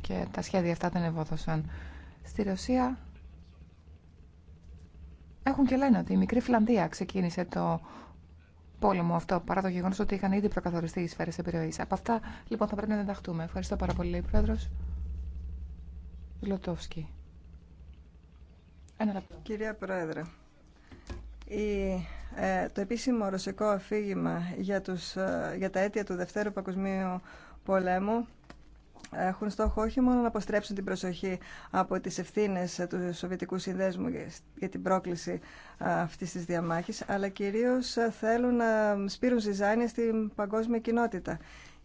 και τα σχέδια αυτά δεν ευόδωσαν. Στη Ρωσία έχουν και λένε ότι η μικρή Φιλανδία ξεκίνησε το πόλεμο αυτό, παρά το γεγονός ότι είχαν ήδη προκαθοριστεί οι σφαίρες επιρροής. Από αυτά λοιπόν θα πρέπει να ενταχτούμε. Ευχαριστώ πάρα πολύ, πρόεδρο. Λοτόφσκι. Ένα λεπτό. Κυρία Πρόεδρε, η, ε, το επίσημο ρωσικό αφήγημα για, ε, για τα αίτια του Δευτέρου Παγκοσμίου Πολέμου έχουν στόχο όχι μόνο να αποστρέψουν την προσοχή από τις ευθύνε του Σοβιετικού Συνδέσμου για την πρόκληση αυτής της διαμάχης, αλλά κυρίως θέλουν να σπείρουν ζυζάνια στην παγκόσμια κοινότητα.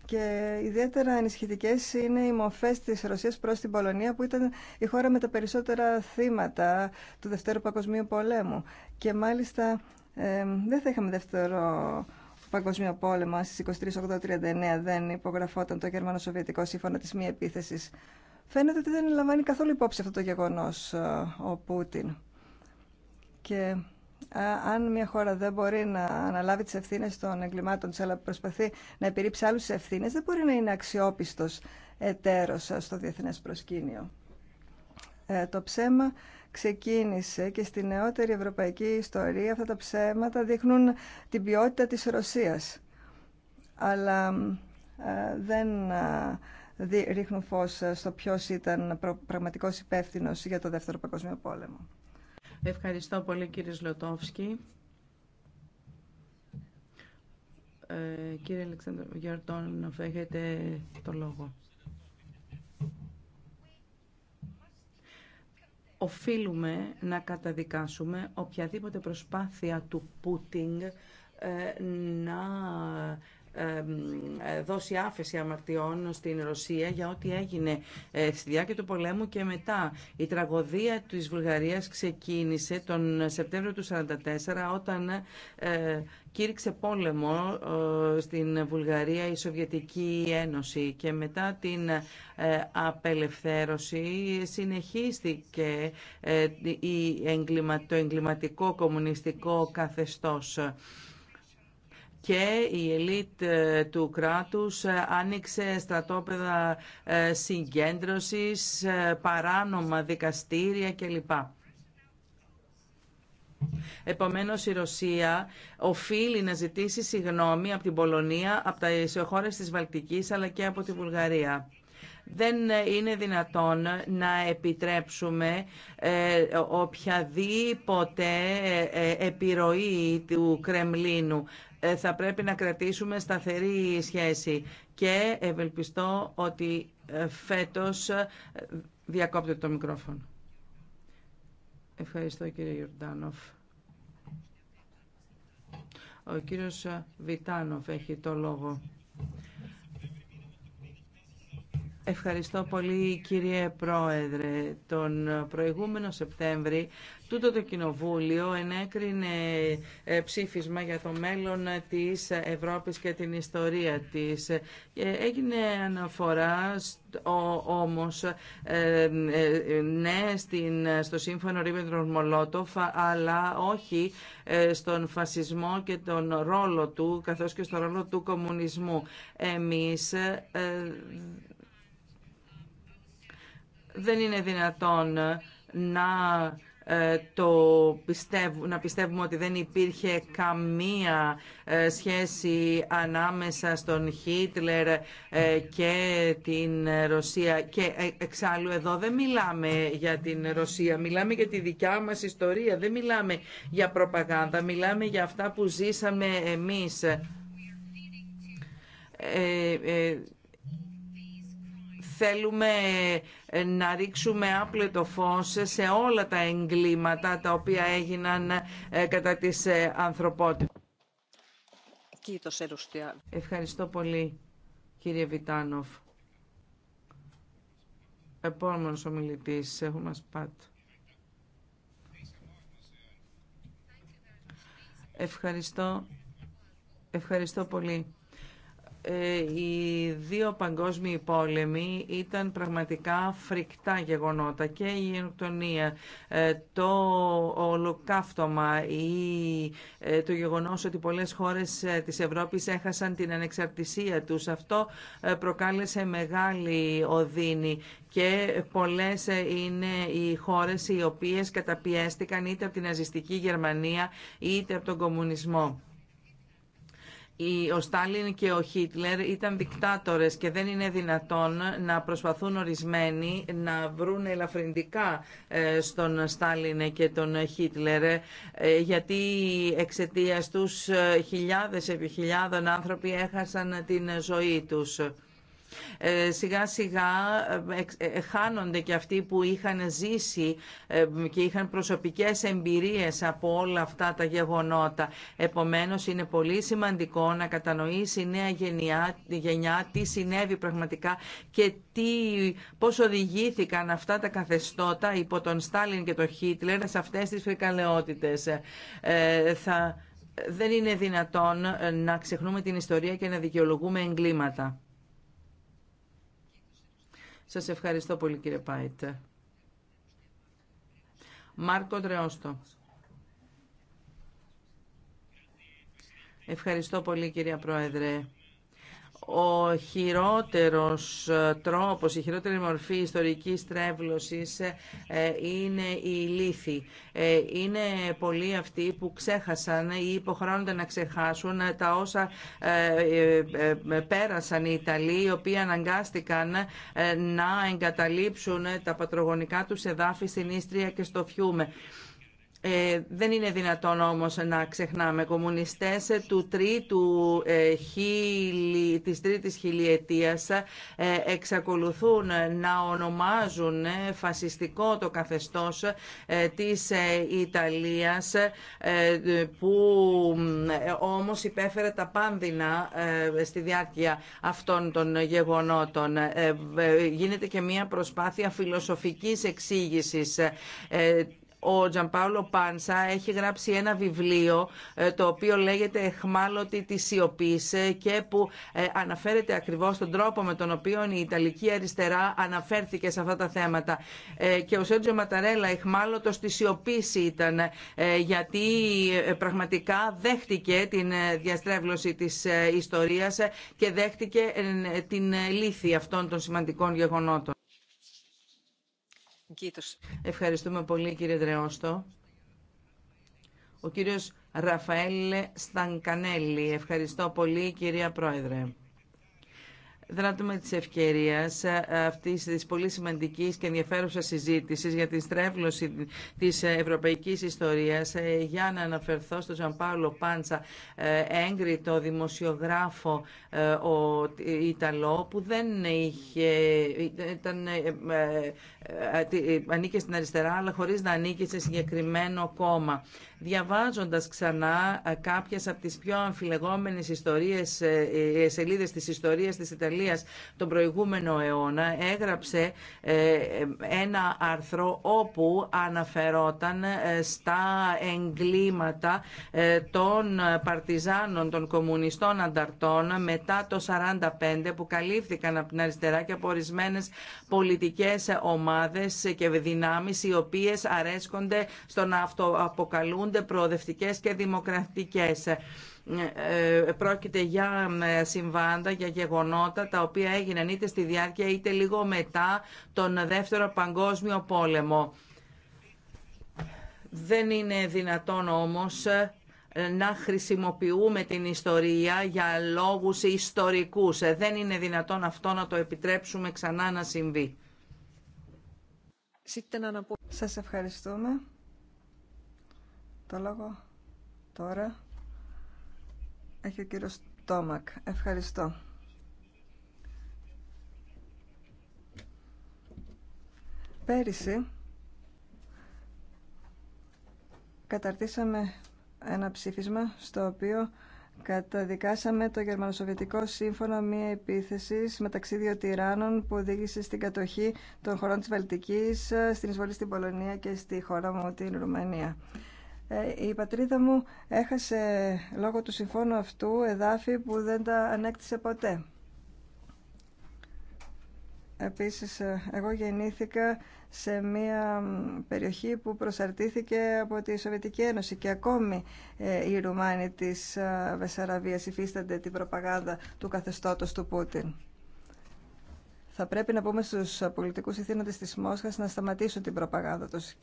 Και ιδιαίτερα ενισχυτικέ είναι οι μορφέ τη Ρωσία προ την Πολωνία, που ήταν η χώρα με τα περισσότερα θύματα του Δευτέρου Παγκοσμίου Πολέμου. Και μάλιστα δεν θα είχαμε δεύτερο Παγκοσμίο Πόλεμο στις 23 δεν υπογραφόταν το Γερμανο-Σοβιετικό Σύμφωνο της Μη Επίθεσης. Φαίνεται ότι δεν λαμβάνει καθόλου υπόψη αυτό το γεγονός ε, ο Πούτιν. Και αν μια χώρα δεν μπορεί να αναλάβει τις ευθύνες των εγκλημάτων της, αλλά προσπαθεί να επιρρύψει άλλου ευθύνες, δεν μπορεί να είναι αξιόπιστος εταίρος στο διεθνές προσκήνιο. Ε, το ψέμα ξεκίνησε και στη νεότερη ευρωπαϊκή ιστορία αυτά τα ψέματα δείχνουν την ποιότητα της Ρωσίας. Αλλά ε, δεν ε, ρίχνουν φως στο ποιος ήταν πραγματικός υπεύθυνο για το Δεύτερο Παγκόσμιο Πόλεμο. Ευχαριστώ πολύ κύριε Σλωτόφσκι. Ε, κύριε Αλεξάνδρου να έχετε το λόγο. οφείλουμε να καταδικάσουμε οποιαδήποτε προσπάθεια του Πούτινγκ ε, να ε, δώσει άφεση αμαρτιών στην Ρωσία για ό,τι έγινε ε, στη διάρκεια του πολέμου και μετά. Η τραγωδία της Βουλγαρίας ξεκίνησε τον Σεπτέμβριο του 1944 όταν ε, κήρυξε πόλεμο στην Βουλγαρία η Σοβιετική Ένωση και μετά την απελευθέρωση συνεχίστηκε το εγκληματικό κομμουνιστικό καθεστώς και η ελίτ ε, του κράτους ε, άνοιξε στρατόπεδα ε, συγκέντρωσης, παράνομα δικαστήρια κλπ. Επομένως η Ρωσία οφείλει να ζητήσει συγγνώμη από την Πολωνία, από τα χώρες της Βαλτικής αλλά και από τη Βουλγαρία. Δεν είναι δυνατόν να επιτρέψουμε οποιαδήποτε επιρροή του Κρεμλίνου ε, θα πρέπει να κρατήσουμε σταθερή σχέση και ευελπιστώ ότι ε, φέτος ε, διακόπτεται το μικρόφωνο. Ευχαριστώ κύριε Γιουρντάνοφ. Ο κύριος Βιτάνοφ έχει το λόγο. Ευχαριστώ πολύ κύριε Πρόεδρε. Τον προηγούμενο Σεπτέμβρη Τούτο το Κοινοβούλιο ενέκρινε ε, ψήφισμα για το μέλλον της Ευρώπης και την ιστορία της. Ε, έγινε αναφορά όμως ε, ναι στο σύμφωνο Ρίβεντρον Μολότοφ αλλά όχι στον φασισμό και τον ρόλο του καθώς και στον ρόλο του κομμουνισμού. Εμείς δεν είναι δυνατόν να ε, το να πιστεύουμε ότι δεν υπήρχε καμία ε, σχέση ανάμεσα στον Χίτλερ ε, και την Ρωσία. Και εξάλλου εδώ δεν μιλάμε για την Ρωσία, μιλάμε για τη δικιά μας ιστορία, δεν μιλάμε για προπαγάνδα, μιλάμε για αυτά που ζήσαμε εμείς. Ε, θέλουμε ε, να ρίξουμε άπλετο φως σε όλα τα εγκλήματα τα οποία έγιναν ε, κατά της ε, ανθρωπότητας. Ευχαριστώ πολύ κύριε Βιτάνοφ. Επόμενος ομιλητής, έχουμε σπάτ. Ευχαριστώ. Ευχαριστώ πολύ. Ε, οι δύο παγκόσμιοι πόλεμοι ήταν πραγματικά φρικτά γεγονότα και η γενοκτονία, ε, το ολοκαύτωμα ή ε, το γεγονός ότι πολλές χώρες της Ευρώπης έχασαν την ανεξαρτησία τους. Αυτό προκάλεσε μεγάλη οδύνη και πολλές είναι οι χώρες οι οποίες καταπιέστηκαν είτε από την ναζιστική Γερμανία είτε από τον κομμουνισμό ο Στάλιν και ο Χίτλερ ήταν δικτάτορες και δεν είναι δυνατόν να προσπαθούν ορισμένοι να βρουν ελαφρυντικά ε, στον Στάλιν και τον Χίτλερ ε, γιατί εξαιτίας τους ε, χιλιάδες επί χιλιάδων άνθρωποι έχασαν την ζωή τους. Ε, σιγά σιγά ε, ε, χάνονται και αυτοί που είχαν ζήσει και είχαν προσωπικές εμπειρίες από όλα αυτά τα γεγονότα. Επομένως είναι πολύ σημαντικό να κατανοήσει η νέα γενιά, τι συνέβη πραγματικά και τι, πώς οδηγήθηκαν αυτά τα καθεστώτα υπό τον Στάλιν και τον Χίτλερ σε αυτές τις φρικαλαιότητες. θα, δεν είναι δυνατόν να ξεχνούμε την ιστορία και να δικαιολογούμε εγκλήματα. Σας ευχαριστώ πολύ κύριε Πάιτ. Μάρκο Τρεώστο. Ευχαριστώ πολύ κυρία Πρόεδρε ο χειρότερος ε, τρόπος, η χειρότερη μορφή ιστορικής τρέβλωσης ε, ε, είναι η λύθη. Είναι πολλοί αυτοί που ξέχασαν ή υποχρώνονται να ξεχάσουν τα όσα πέρασαν οι Ιταλοί, οι οποίοι αναγκάστηκαν να εγκαταλείψουν τα πατρογονικά τους εδάφη στην Ίστρια και στο Φιούμε. Ε, δεν είναι δυνατόν όμως να ξεχνάμε κομμουνιστές του τρίτου, ε, χιλι, της τρίτης χιλιετίας ε, εξακολουθούν να ονομάζουν ε, φασιστικό το καθεστώς ε, της ε, Ιταλίας που όμως υπέφερε τα πάνδυνα στη διάρκεια αυτών των γεγονότων. Γίνεται και μια προσπάθεια φιλοσοφικής εξήγησης ο Τζανπάολο Πάνσα έχει γράψει ένα βιβλίο ε, το οποίο λέγεται «Εχμάλωτη τη σιωπή» ε, και που ε, αναφέρεται ακριβώς στον τρόπο με τον οποίο η Ιταλική αριστερά αναφέρθηκε σε αυτά τα θέματα. Και ο Σέντζο Ματαρέλα εχμάλωτος τη σιωπή» ήταν γιατί πραγματικά δέχτηκε την διαστρέβλωση της ιστορίας και δέχτηκε την λύθη αυτών των σημαντικών γεγονότων. Ευχαριστούμε πολύ κύριε Δρεώστο. Ο κύριος Ραφαέλ Στανκανέλη. Ευχαριστώ πολύ κυρία Πρόεδρε δράττουμε τη ευκαιρία ε, αυτής της πολύ σημαντική και ενδιαφέρουσα συζήτηση για την στρέβλωση της ευρωπαϊκής ιστορίας ε, για να αναφερθώ στον Ζαν Πάολο Πάντσα, ε, έγκριτο δημοσιογράφο ο Ιταλό που δεν είχε, ήταν, ανήκε στην αριστερά αλλά χωρίς να ανήκει σε συγκεκριμένο κόμμα διαβάζοντας ξανά ε, κάποιες από τις πιο αμφιλεγόμενες ιστορίες, ε, ε, σελίδες της ιστορίας της Ιταλίας τον προηγούμενο αιώνα, έγραψε ένα άρθρο όπου αναφερόταν στα εγκλήματα των παρτιζάνων, των κομμουνιστών ανταρτών μετά το 1945 που καλύφθηκαν από την αριστερά και από ορισμένε πολιτικές ομάδες και δυνάμεις οι οποίες αρέσκονται στο να αυτοαποκαλούν είναι προοδευτικές και δημοκρατικές. Ε, ε, πρόκειται για ε, συμβάντα, για γεγονότα τα οποία έγιναν είτε στη διάρκεια είτε λίγο μετά τον Δεύτερο Παγκόσμιο Πόλεμο. Δεν είναι δυνατόν όμως να χρησιμοποιούμε την ιστορία για λόγους ιστορικούς. Δεν είναι δυνατόν αυτό να το επιτρέψουμε ξανά να συμβεί. Σας ευχαριστούμε. Το λόγο τώρα έχει ο κύριος Τόμακ. Ευχαριστώ. Πέρυσι καταρτήσαμε ένα ψήφισμα στο οποίο καταδικάσαμε το γερμανοσοβιετικό σύμφωνο μία επίθεση μεταξύ δύο τυράννων που οδήγησε στην κατοχή των χωρών της Βαλτικής, στην εισβολή στην Πολωνία και στη χώρα μου την Ρουμανία. Ε, η πατρίδα μου έχασε λόγω του συμφώνου αυτού εδάφη που δεν τα ανέκτησε ποτέ. Επίσης, ε, εγώ γεννήθηκα σε μια περιοχή που προσαρτήθηκε από τη Σοβιετική Ένωση και ακόμη ε, οι Ρουμάνοι της Βεσσαραβίας υφίστανται την προπαγάνδα του καθεστώτος του Πούτιν. Θα πρέπει να πούμε στους πολιτικούς ηθήνοντες της Μόσχας να σταματήσουν την προπαγάνδα τους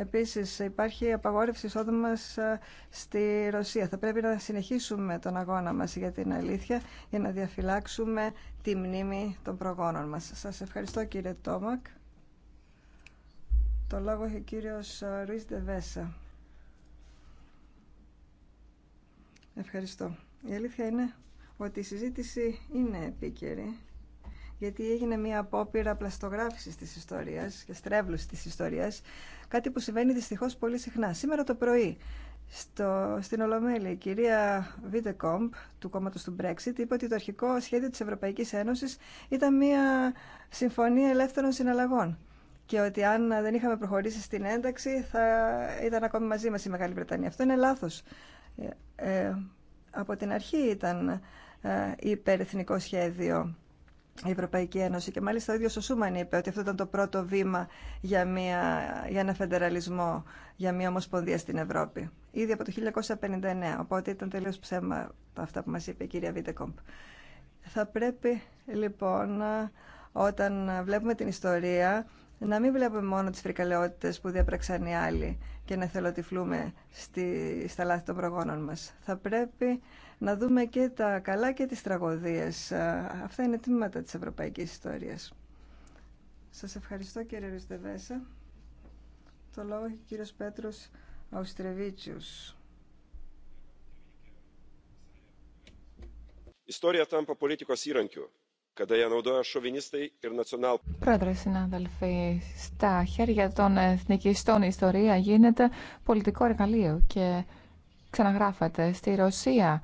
Επίσης υπάρχει απαγόρευση εισόδου μα ε, στη Ρωσία. Θα πρέπει να συνεχίσουμε τον αγώνα μας για την αλήθεια για να διαφυλάξουμε τη μνήμη των προγόνων μας. Σας ευχαριστώ κύριε Τόμακ. Το λόγο έχει ο κύριο ε, Ρουί Ντεβέσα. Ευχαριστώ. Η αλήθεια είναι ότι η συζήτηση είναι επίκαιρη γιατί έγινε μια απόπειρα πλαστογράφηση τη ιστορία και στρέβλωση τη ιστορία, κάτι που συμβαίνει δυστυχώς πολύ συχνά. Σήμερα το πρωί, στο, στην Ολομέλη, η κυρία Βίτεκομπ του κόμματο του Brexit είπε ότι το αρχικό σχέδιο της Ευρωπαϊκής Ένωσης ήταν μια συμφωνία ελεύθερων συναλλαγών και ότι αν δεν είχαμε προχωρήσει στην ένταξη θα ήταν ακόμη μαζί μα η Μεγάλη Βρετανία. Αυτό είναι λάθο. Ε, ε, από την αρχή ήταν ε, υπερεθνικό σχέδιο η Ευρωπαϊκή Ένωση. Και μάλιστα ο ίδιος ο Σούμαν είπε ότι αυτό ήταν το πρώτο βήμα για, μια, για ένα φεντεραλισμό, για μια ομοσπονδία στην Ευρώπη. Ήδη από το 1959, οπότε ήταν τελείως ψέμα αυτά που μας είπε η κυρία Βίτεκομπ. Θα πρέπει λοιπόν όταν βλέπουμε την ιστορία να μην βλέπουμε μόνο τις φρικαλαιότητες που διαπραξαν οι άλλοι και να θελοτυφλούμε στη, στα λάθη των προγόνων μας. Θα πρέπει να δούμε και τα καλά και τις τραγωδίες. Αυτά είναι τμήματα της ευρωπαϊκής ιστορίας. Σας ευχαριστώ κύριε Ρουσδεβέσα. Το λόγο έχει ο κύριος Πέτρος Αουστρεβίτσιους. Ιστορία τάμπα πολίτικος Πρόεδρε, συνάδελφοι, στα χέρια των εθνικιστών η ιστορία γίνεται πολιτικό εργαλείο και ξαναγράφεται στη Ρωσία.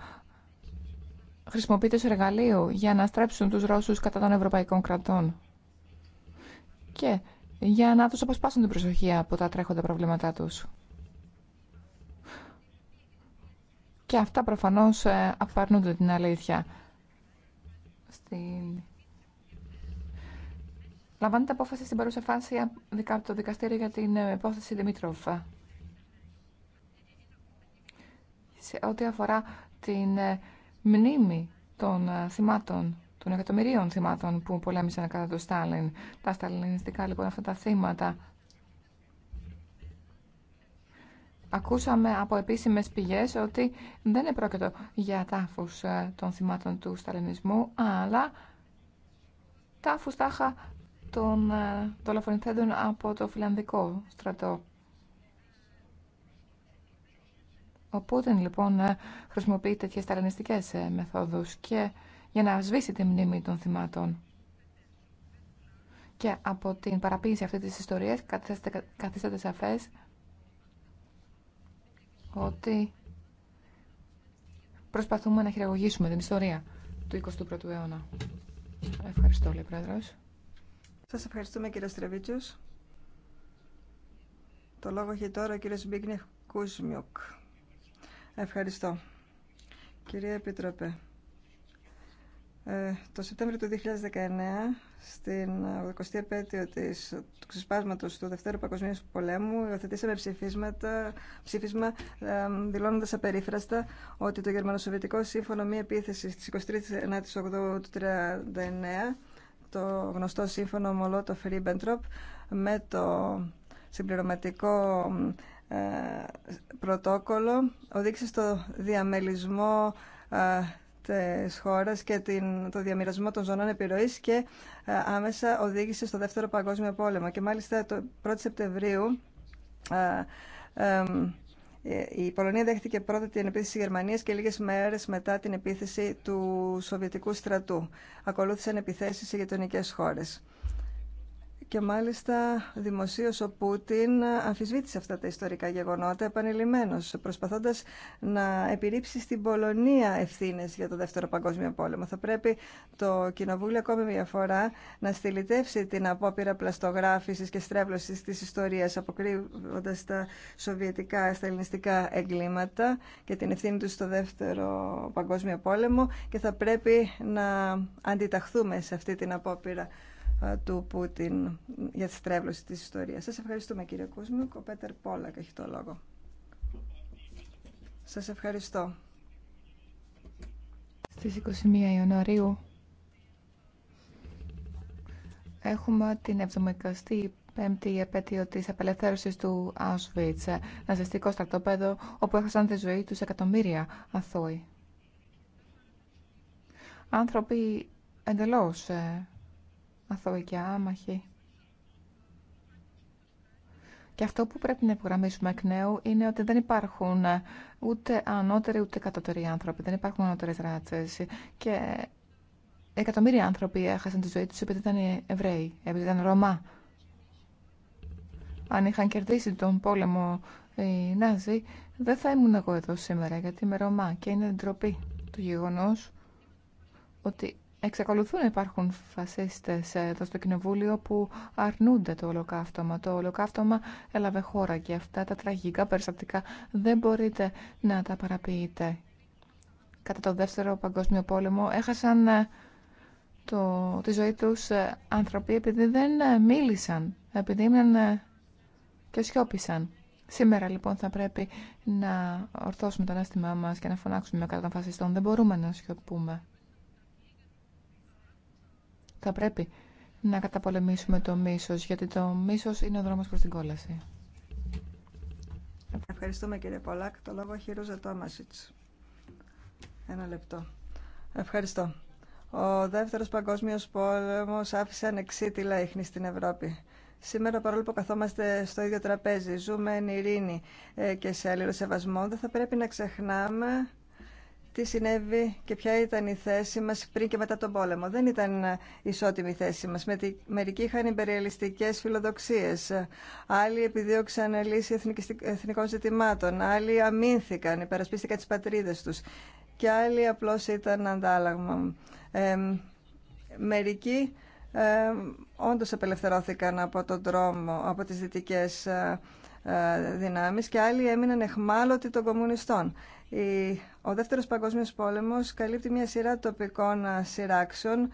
Χρησιμοποιείται ως εργαλείο για να στρέψουν τους Ρώσους κατά των ευρωπαϊκών κρατών και για να τους αποσπάσουν την προσοχή από τα τρέχοντα προβλήματά τους. Και αυτά προφανώς ε, απαρνούνται την αλήθεια στην... Λαμβάνεται απόφαση στην παρούσα φάση από το δικαστήριο για την ε, υπόθεση Δημήτροφα. Σε ό,τι αφορά την ε, μνήμη των ε, θυμάτων, των εκατομμυρίων θυμάτων που πολέμησαν κατά του Στάλιν. Τα σταλινιστικά λοιπόν αυτά τα θύματα Ακούσαμε από επίσημες πηγές ότι δεν επρόκειτο για τάφους ε, των θυμάτων του σταλινισμού, αλλά τάφους τάχα των ε, δολοφονηθέντων από το φιλανδικό στρατό. Ο Πούτιν λοιπόν ε, χρησιμοποιεί τέτοιε σταλινιστικές μεθόδους και για να σβήσει τη μνήμη των θυμάτων. Και από την παραποίηση αυτή της ιστορίας καθίσταται σαφές ότι προσπαθούμε να χειραγωγήσουμε την ιστορία του 21ου αιώνα. Ευχαριστώ, λέει Πρόεδρος. Σας ευχαριστούμε κύριε Στρεβίτσιος. Το λόγο έχει τώρα ο κύριο Μπίγνιχ Κούσμιουκ. Ευχαριστώ. Κυρία Επιτροπέ, ε, το Σεπτέμβριο του 2019, στην 20η επέτειο της, του ξεσπάσματο του Δευτέρου Παγκοσμίου Πολέμου, υιοθετήσαμε ψήφισμα ε, δηλώνοντας απερίφραστα ότι το Γερμανοσοβιετικό Σύμφωνο Μη Επίθεση της 23 η 8 του 1939, το γνωστό σύμφωνο Μολότοφ-Ρίμπεντροπ, με το συμπληρωματικό ε, πρωτόκολλο, οδήγησε στο διαμελισμό ε, της χώρας και την, το διαμοιρασμό των ζωνών επιρροής και ε, άμεσα οδήγησε στο Δεύτερο Παγκόσμιο Πόλεμο. Και μάλιστα το 1 Σεπτεμβρίου ε, ε, η Πολωνία δέχτηκε πρώτα την επίθεση της Γερμανίας και λίγες μέρες μετά την επίθεση του Σοβιετικού στρατού. Ακολούθησαν επιθέσεις σε γειτονικέ χώρες. Και μάλιστα δημοσίω ο Πούτιν αμφισβήτησε αυτά τα ιστορικά γεγονότα επανειλημμένω, προσπαθώντα να επιρρύψει στην Πολωνία ευθύνε για το Δεύτερο Παγκόσμιο Πόλεμο. Θα πρέπει το Κοινοβούλιο ακόμη μια φορά να στυλιτεύσει την απόπειρα πλαστογράφηση και στρέβλωση τη ιστορία, αποκρύβοντα τα σοβιετικά, στα ελληνιστικά εγκλήματα και την ευθύνη του στο Δεύτερο Παγκόσμιο Πόλεμο και θα πρέπει να αντιταχθούμε σε αυτή την απόπειρα ε, του Πούτιν για τη στρέβλωση της ιστορίας. Σας ευχαριστούμε κύριε Κούσμικ. Ο Πέτερ Πόλακ έχει το λόγο. Σας ευχαριστώ. Στις 21 Ιανουαρίου έχουμε την 75η επέτειο της απελευθέρωσης του Auschwitz, ναζιστικό στρατόπεδο όπου έχασαν τη ζωή τους εκατομμύρια αθώοι. Άνθρωποι εντελώς ε, αθώοι και άμαχοι. Και αυτό που πρέπει να υπογραμμίσουμε εκ νέου είναι ότι δεν υπάρχουν ε, ούτε ανώτεροι ούτε κατώτεροι άνθρωποι. Δεν υπάρχουν ανώτερε ράτσες. Και εκατομμύρια άνθρωποι έχασαν τη ζωή του επειδή ήταν Εβραίοι, επειδή ήταν Ρωμά. Αν είχαν κερδίσει τον πόλεμο οι Νάζοι, δεν θα ήμουν εγώ εδώ σήμερα, γιατί είμαι Ρωμά και είναι ντροπή το γεγονό ότι Εξακολουθούν να υπάρχουν φασίστες ε, εδώ στο Κοινοβούλιο που αρνούνται το ολοκαύτωμα. Το ολοκαύτωμα έλαβε χώρα και αυτά τα τραγικά περιστατικά δεν μπορείτε να τα παραποιείτε. Κατά το Δεύτερο Παγκόσμιο Πόλεμο έχασαν ε, το, τη ζωή τους ε, άνθρωποι επειδή δεν μίλησαν, επειδή ήμουν και σιώπησαν. Σήμερα λοιπόν θα πρέπει να ορθώσουμε το ανάστημά μας και να φωνάξουμε κατά των φασιστών. Δεν μπορούμε να σιωπούμε. Θα πρέπει να καταπολεμήσουμε το μίσος, γιατί το μίσος είναι ο δρόμος προς την κόλαση. Ευχαριστούμε κύριε Πολάκ. Το λόγο έχει Ρούζα Τόμασιτς. Ένα λεπτό. Ευχαριστώ. Ο δεύτερος παγκόσμιος πόλεμος άφησε ανεξίτηλα ίχνη στην Ευρώπη. Σήμερα, παρόλο που καθόμαστε στο ίδιο τραπέζι, ζούμε εν ειρήνη ε, και σε αλληλοσεβασμό, δεν θα πρέπει να ξεχνάμε τι συνέβη και ποια ήταν η θέση μας πριν και μετά τον πόλεμο. Δεν ήταν ισότιμη η θέση μας. Μερικοί είχαν υπεριαλιστικές φιλοδοξίες. Άλλοι επιδίωξαν λύση εθνικών ζητημάτων. Άλλοι αμήνθηκαν, υπερασπίστηκαν τις πατρίδες τους. Και άλλοι απλώς ήταν αντάλλαγμα. Ε, μερικοί ε, όντως απελευθερώθηκαν από τον τρόμο, από τις δυτικές ε, ε, δυνάμεις και άλλοι έμειναν εχμάλωτοι των κομμουνιστών. Ο Δεύτερος Παγκόσμιος Πόλεμος καλύπτει μια σειρά τοπικών σειράξεων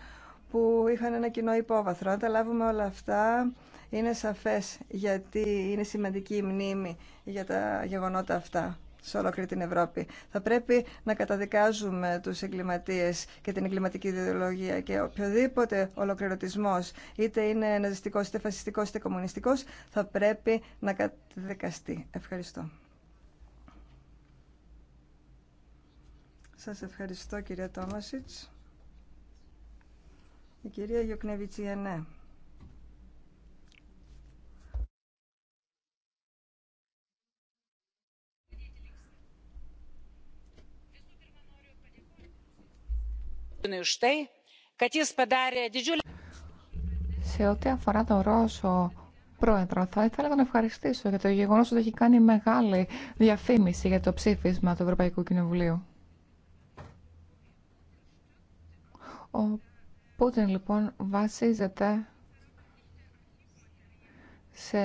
που είχαν ένα κοινό υπόβαθρο. Αν τα λάβουμε όλα αυτά, είναι σαφές γιατί είναι σημαντική η μνήμη για τα γεγονότα αυτά σε ολόκληρη την Ευρώπη. Θα πρέπει να καταδικάζουμε τους εγκληματίες και την εγκληματική ιδεολογία και οποιοδήποτε ολοκληρωτισμός, είτε είναι ναζιστικός, είτε φασιστικός, είτε κομμουνιστικός, θα πρέπει να καταδικαστεί. Ευχαριστώ. Σας ευχαριστώ κυρία Τόμασιτς. Η κυρία Γιοκνεβιτσιανέ. Σε ό,τι αφορά τον Ρώσο πρόεδρο, θα ήθελα να τον ευχαριστήσω για το γεγονός ότι έχει κάνει μεγάλη διαφήμιση για το ψήφισμα του Ευρωπαϊκού Κοινοβουλίου. Ο Πούτιν λοιπόν βασίζεται σε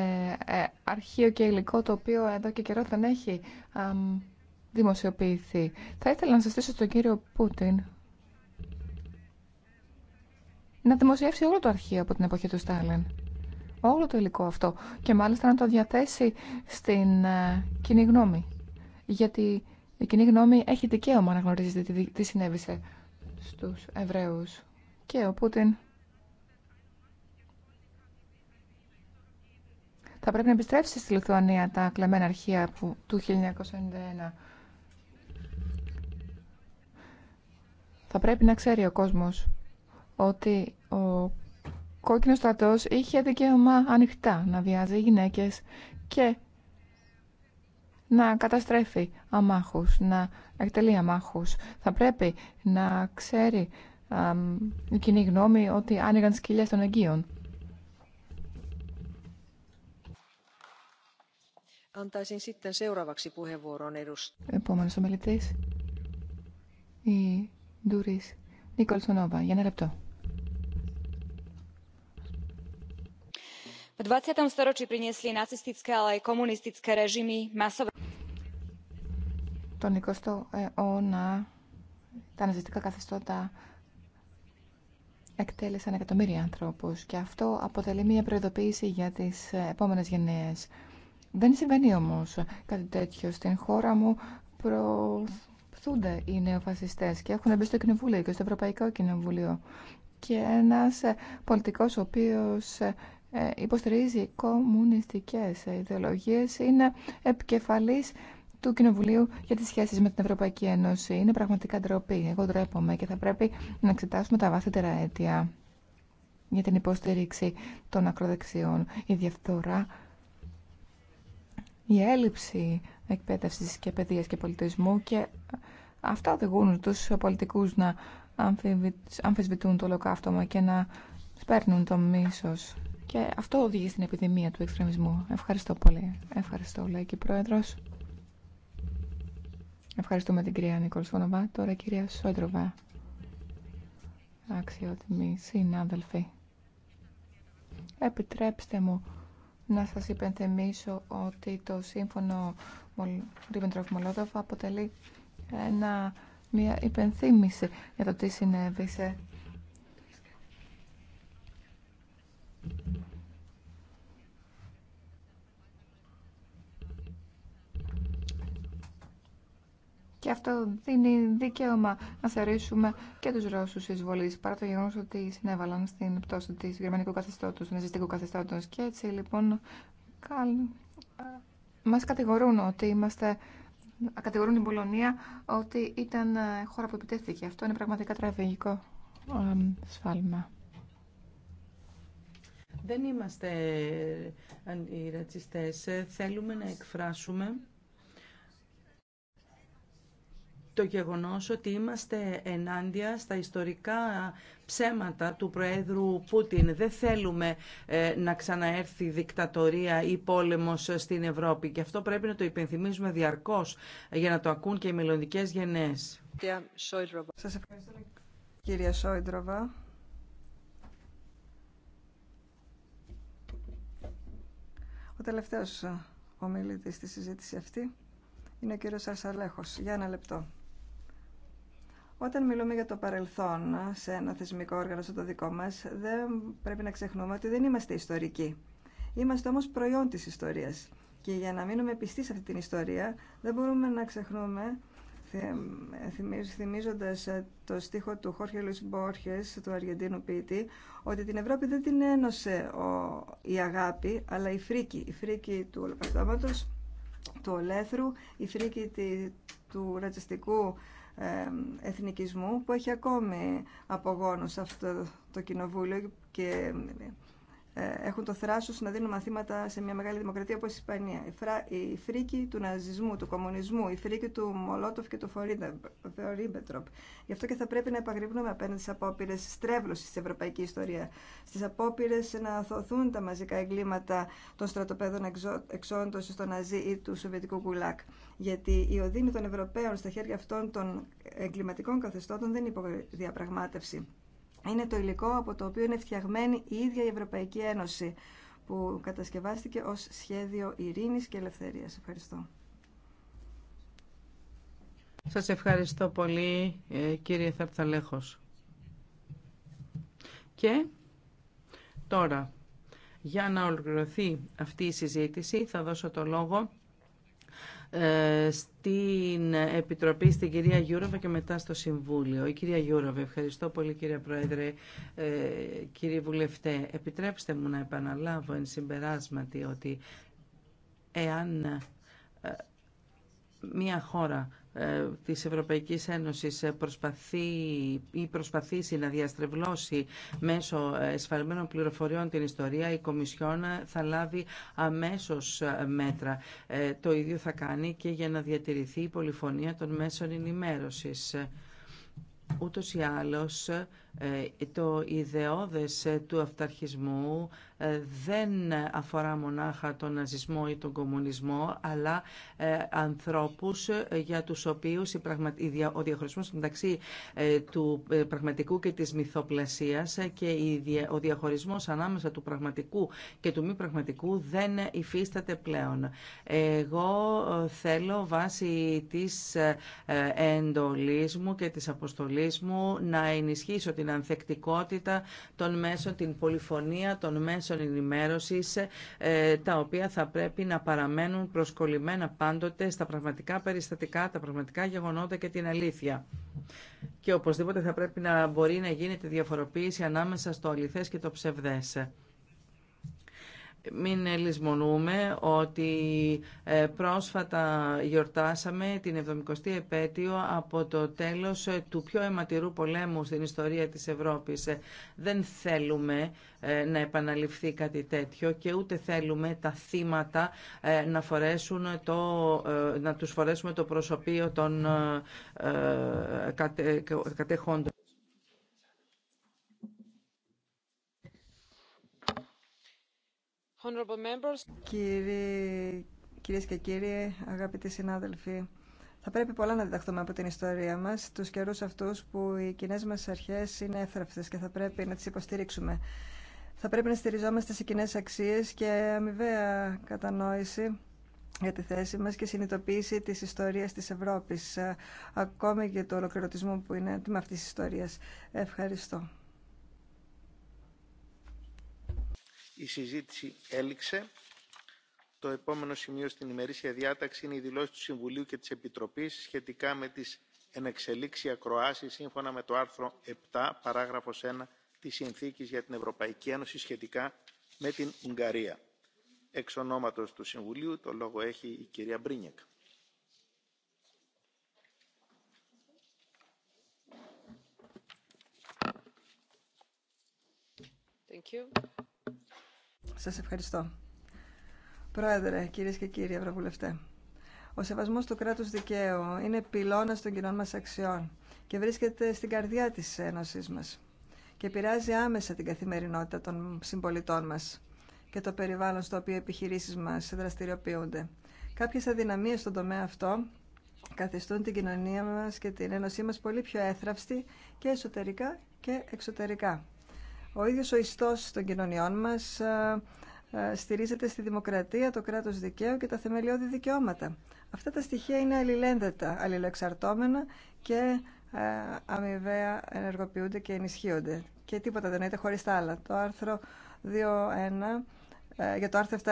ε, αρχείο και υλικό το οποίο εδώ και καιρό δεν έχει δημοσιοποιηθεί. Θα ήθελα να σας στήσω τον κύριο Πούτιν να δημοσιεύσει όλο το αρχείο από την εποχή του Στάλιν. Όλο το υλικό αυτό. Και μάλιστα να το διαθέσει στην ε, κοινή γνώμη. Γιατί η κοινή γνώμη έχει δικαίωμα να γνωρίζει τι συνέβησε στους Εβραίους και ο Πούτιν θα πρέπει να επιστρέψει στη Λιθουανία τα κλεμμένα αρχεία που, του 1991. Θα πρέπει να ξέρει ο κόσμος ότι ο κόκκινος στρατός είχε δικαίωμα ανοιχτά να βιάζει γυναίκες και να καταστρέφει αμάχους, να εκτελεί αμάχους. Θα πρέπει να ξέρει η κοινή γνώμη ότι άνοιγαν σκυλιά των αγίων Antaisin sitten seuraavaksi puheenvuoron η Ντούρις Νίκολσονόβα, για ένα λεπτό. τον 20ο αιώνα τα ναζιστικά καθεστώτα εκτέλεσαν εκατομμύρια ανθρώπους και αυτό αποτελεί μια προειδοποίηση για τις επόμενες γενναίες. Δεν συμβαίνει όμως κάτι τέτοιο. Στην χώρα μου προωθούνται οι νεοφασιστές και έχουν μπει στο Κοινοβούλιο και στο Ευρωπαϊκό Κοινοβούλιο. Και ένας πολιτικός ο οποίος ε, υποστηρίζει κομμουνιστικές ιδεολογίες είναι επικεφαλής του Κοινοβουλίου για τις σχέσεις με την Ευρωπαϊκή Ένωση. Είναι πραγματικά ντροπή. Εγώ ντρέπομαι και θα πρέπει να εξετάσουμε τα βαθύτερα αίτια για την υποστήριξη των ακροδεξιών. Η διαφθορά, η έλλειψη εκπαίδευσης και παιδείας και πολιτισμού και αυτά οδηγούν τους πολιτικούς να αμφισβητούν το ολοκαύτωμα και να σπέρνουν το μίσος. Και αυτό οδηγεί στην επιδημία του εξτρεμισμού. Ευχαριστώ πολύ. Ευχαριστώ, λέει και πρόεδρος. Ευχαριστούμε την κυρία Σόνοβα. Τώρα κυρία Σόντροβα. Αξιότιμοι συνάδελφοι. Επιτρέψτε μου να σας υπενθυμίσω ότι το σύμφωνο Ρίβεντροφ Μολότοφ αποτελεί μια υπενθύμηση για το τι συνέβησε Και αυτό δίνει δικαίωμα να θεωρήσουμε και του Ρώσου εισβολεί, παρά το γεγονό ότι συνέβαλαν στην πτώση τη γερμανικού καθεστώτο, του ναζιστικού καθεστώτο. Και έτσι λοιπόν μα κατηγορούν ότι είμαστε. Κατηγορούν την Πολωνία ότι ήταν ε, χώρα που επιτέθηκε. Αυτό είναι πραγματικά τραγικό σφάλμα. Δεν είμαστε οι ε, ρατσιστές. Ε, θέλουμε να εκφράσουμε το γεγονός ότι είμαστε ενάντια στα ιστορικά ψέματα του Προέδρου Πούτιν. Δεν θέλουμε ε, να ξαναέρθει δικτατορία ή πόλεμος στην Ευρώπη και αυτό πρέπει να το υπενθυμίζουμε διαρκώς ε, για να το ακούν και οι μελλοντικέ γενναίες. Σας ευχαριστώ κυρία Σόιντροβα. Ο τελευταίος ε, ομιλητής στη συζήτηση αυτή είναι ο κύριος Αρσαλέχος. Για ένα λεπτό. Όταν μιλούμε για το παρελθόν σε ένα θεσμικό όργανο σαν το δικό μας, δεν πρέπει να ξεχνούμε ότι δεν είμαστε ιστορικοί. Είμαστε όμως προϊόν της ιστορίας. Και για να μείνουμε πιστοί σε αυτή την ιστορία, δεν μπορούμε να ξεχνούμε, θυμίζοντας το στίχο του Χόρχε Λουίς του Αργεντίνου ποιητή, ότι την Ευρώπη δεν την ένωσε η αγάπη, αλλά η φρίκη. Η φρίκη του ολοκαυτώματος, του ολέθρου, η φρίκη του ρατσιστικού εθνικισμού που έχει ακόμη απογόνους αυτό το κοινοβούλιο και ε, έχουν το θράσος να δίνουν μαθήματα σε μια μεγάλη δημοκρατία όπως η Ισπανία. Η, φρά, φρίκη του ναζισμού, του κομμουνισμού, η φρίκη του Μολότοφ και του Φορίμπετροπ. Γι' αυτό και θα πρέπει να επαγρυπνούμε απέναντι στις απόπειρες στρέβλωσης της ευρωπαϊκής ιστορίας, στις απόπειρες να αθωθούν τα μαζικά εγκλήματα των στρατοπέδων εξόντωση στο Ναζί ή του Σοβιετικού Γκουλάκ. Γιατί η οδύνη των Ευρωπαίων στα χέρια αυτών των εγκληματικών καθεστώτων δεν είναι υποδιαπραγμάτευση είναι το υλικό από το οποίο είναι φτιαγμένη η ίδια η Ευρωπαϊκή Ένωση που κατασκευάστηκε ως σχέδιο ειρήνης και ελευθερίας. Ευχαριστώ. Σας ευχαριστώ πολύ ε, κύριε Θαρθαλέχος. Και τώρα για να ολοκληρωθεί αυτή η συζήτηση θα δώσω το λόγο ε, στην Επιτροπή, στην κυρία Γιούροβα και μετά στο Συμβούλιο. Η κυρία Γιούροβα, ευχαριστώ πολύ κύριε Πρόεδρε, ε, κύριε Βουλευτέ. Επιτρέψτε μου να επαναλάβω εν συμπεράσματι ότι εάν ε, μια χώρα ε, της Ευρωπαϊκής Ένωσης προσπαθεί ή προσπαθήσει να διαστρεβλώσει μέσω εσφαλμένων πληροφοριών την ιστορία, η Κομισιόν θα λάβει αμέσως ε, μέτρα. Ε, το ίδιο θα κάνει και για να διατηρηθεί η πολυφωνία των μέσων ενημέρωσης. Ούτως ή άλλως ε, το ιδεώδες ε, του αυταρχισμού ε, δεν αφορά μονάχα τον ναζισμό ή τον κομμουνισμό, αλλά ανθρώπους για τους οποίους ο διαχωρισμός μεταξύ του πραγματικού και της μυθοπλασίας και ο διαχωρισμός ανάμεσα του πραγματικού και του μη πραγματικού δεν υφίσταται πλέον. Εγώ θέλω βάσει της εντολής μου και της αποστολής μου να ενισχύσω την την ανθεκτικότητα των μέσων, την πολυφωνία των μέσων ενημέρωσης, ε, τα οποία θα πρέπει να παραμένουν προσκολλημένα πάντοτε στα πραγματικά περιστατικά, τα πραγματικά γεγονότα και την αλήθεια. Και οπωσδήποτε θα πρέπει να μπορεί να γίνεται διαφοροποίηση ανάμεσα στο αληθές και το ψευδές μην λησμονούμε ότι ε, πρόσφατα γιορτάσαμε την 70η επέτειο από το τέλος ε, του πιο αιματηρού πολέμου στην ιστορία της Ευρώπης. Ε, δεν θέλουμε να επαναληφθεί κάτι τέτοιο και ούτε θέλουμε τα θύματα να, φορέσουν το, να τους φορέσουμε το προσωπείο των κατέχοντων. Κυρίε κυρίες και κύριοι, αγαπητοί συνάδελφοι, θα πρέπει πολλά να διδαχθούμε από την ιστορία μας, τους καιρούς αυτούς που οι κοινέ μας αρχές είναι έθραυστες και θα πρέπει να τις υποστηρίξουμε. Θα πρέπει να στηριζόμαστε σε κοινέ αξίες και αμοιβαία κατανόηση για τη θέση μας και συνειδητοποίηση της ιστορίας της Ευρώπης, ακόμη και του ολοκληρωτισμού που είναι έτοιμα αυτής της ιστορίας. Ευχαριστώ. Η συζήτηση έληξε. Το επόμενο σημείο στην ημερήσια διάταξη είναι η δηλώση του Συμβουλίου και της Επιτροπής σχετικά με τις ενεξελίξει ακροάσεις σύμφωνα με το άρθρο 7 παράγραφος 1 της Συνθήκης για την Ευρωπαϊκή Ένωση σχετικά με την Ουγγαρία. Εξ ονόματος του Συμβουλίου το λόγο έχει η κυρία Μπρίνιεκ. Thank you. Σας ευχαριστώ. Πρόεδρε, κυρίες και κύριοι Ευρωβουλευτέ, ο σεβασμός του κράτους δικαίου είναι πυλώνας των κοινών μας αξιών και βρίσκεται στην καρδιά της Ένωσης μας και πειράζει άμεσα την καθημερινότητα των συμπολιτών μας και το περιβάλλον στο οποίο οι επιχειρήσεις μας δραστηριοποιούνται. Κάποιες αδυναμίες στον τομέα αυτό καθιστούν την κοινωνία μας και την Ένωσή μας πολύ πιο έθραυστη και εσωτερικά και εξωτερικά. Ο ίδιος ο ιστός των κοινωνιών μας ε, ε, στηρίζεται στη δημοκρατία, το κράτος δικαίου και τα θεμελιώδη δικαιώματα. Αυτά τα στοιχεία είναι αλληλένδετα, αλληλεξαρτώμενα και ε, αμοιβαία ενεργοποιούνται και ενισχύονται. Και τίποτα δεν είναι χωρίς τα άλλα. Το άρθρο 2.1 για το άρθρο 7.1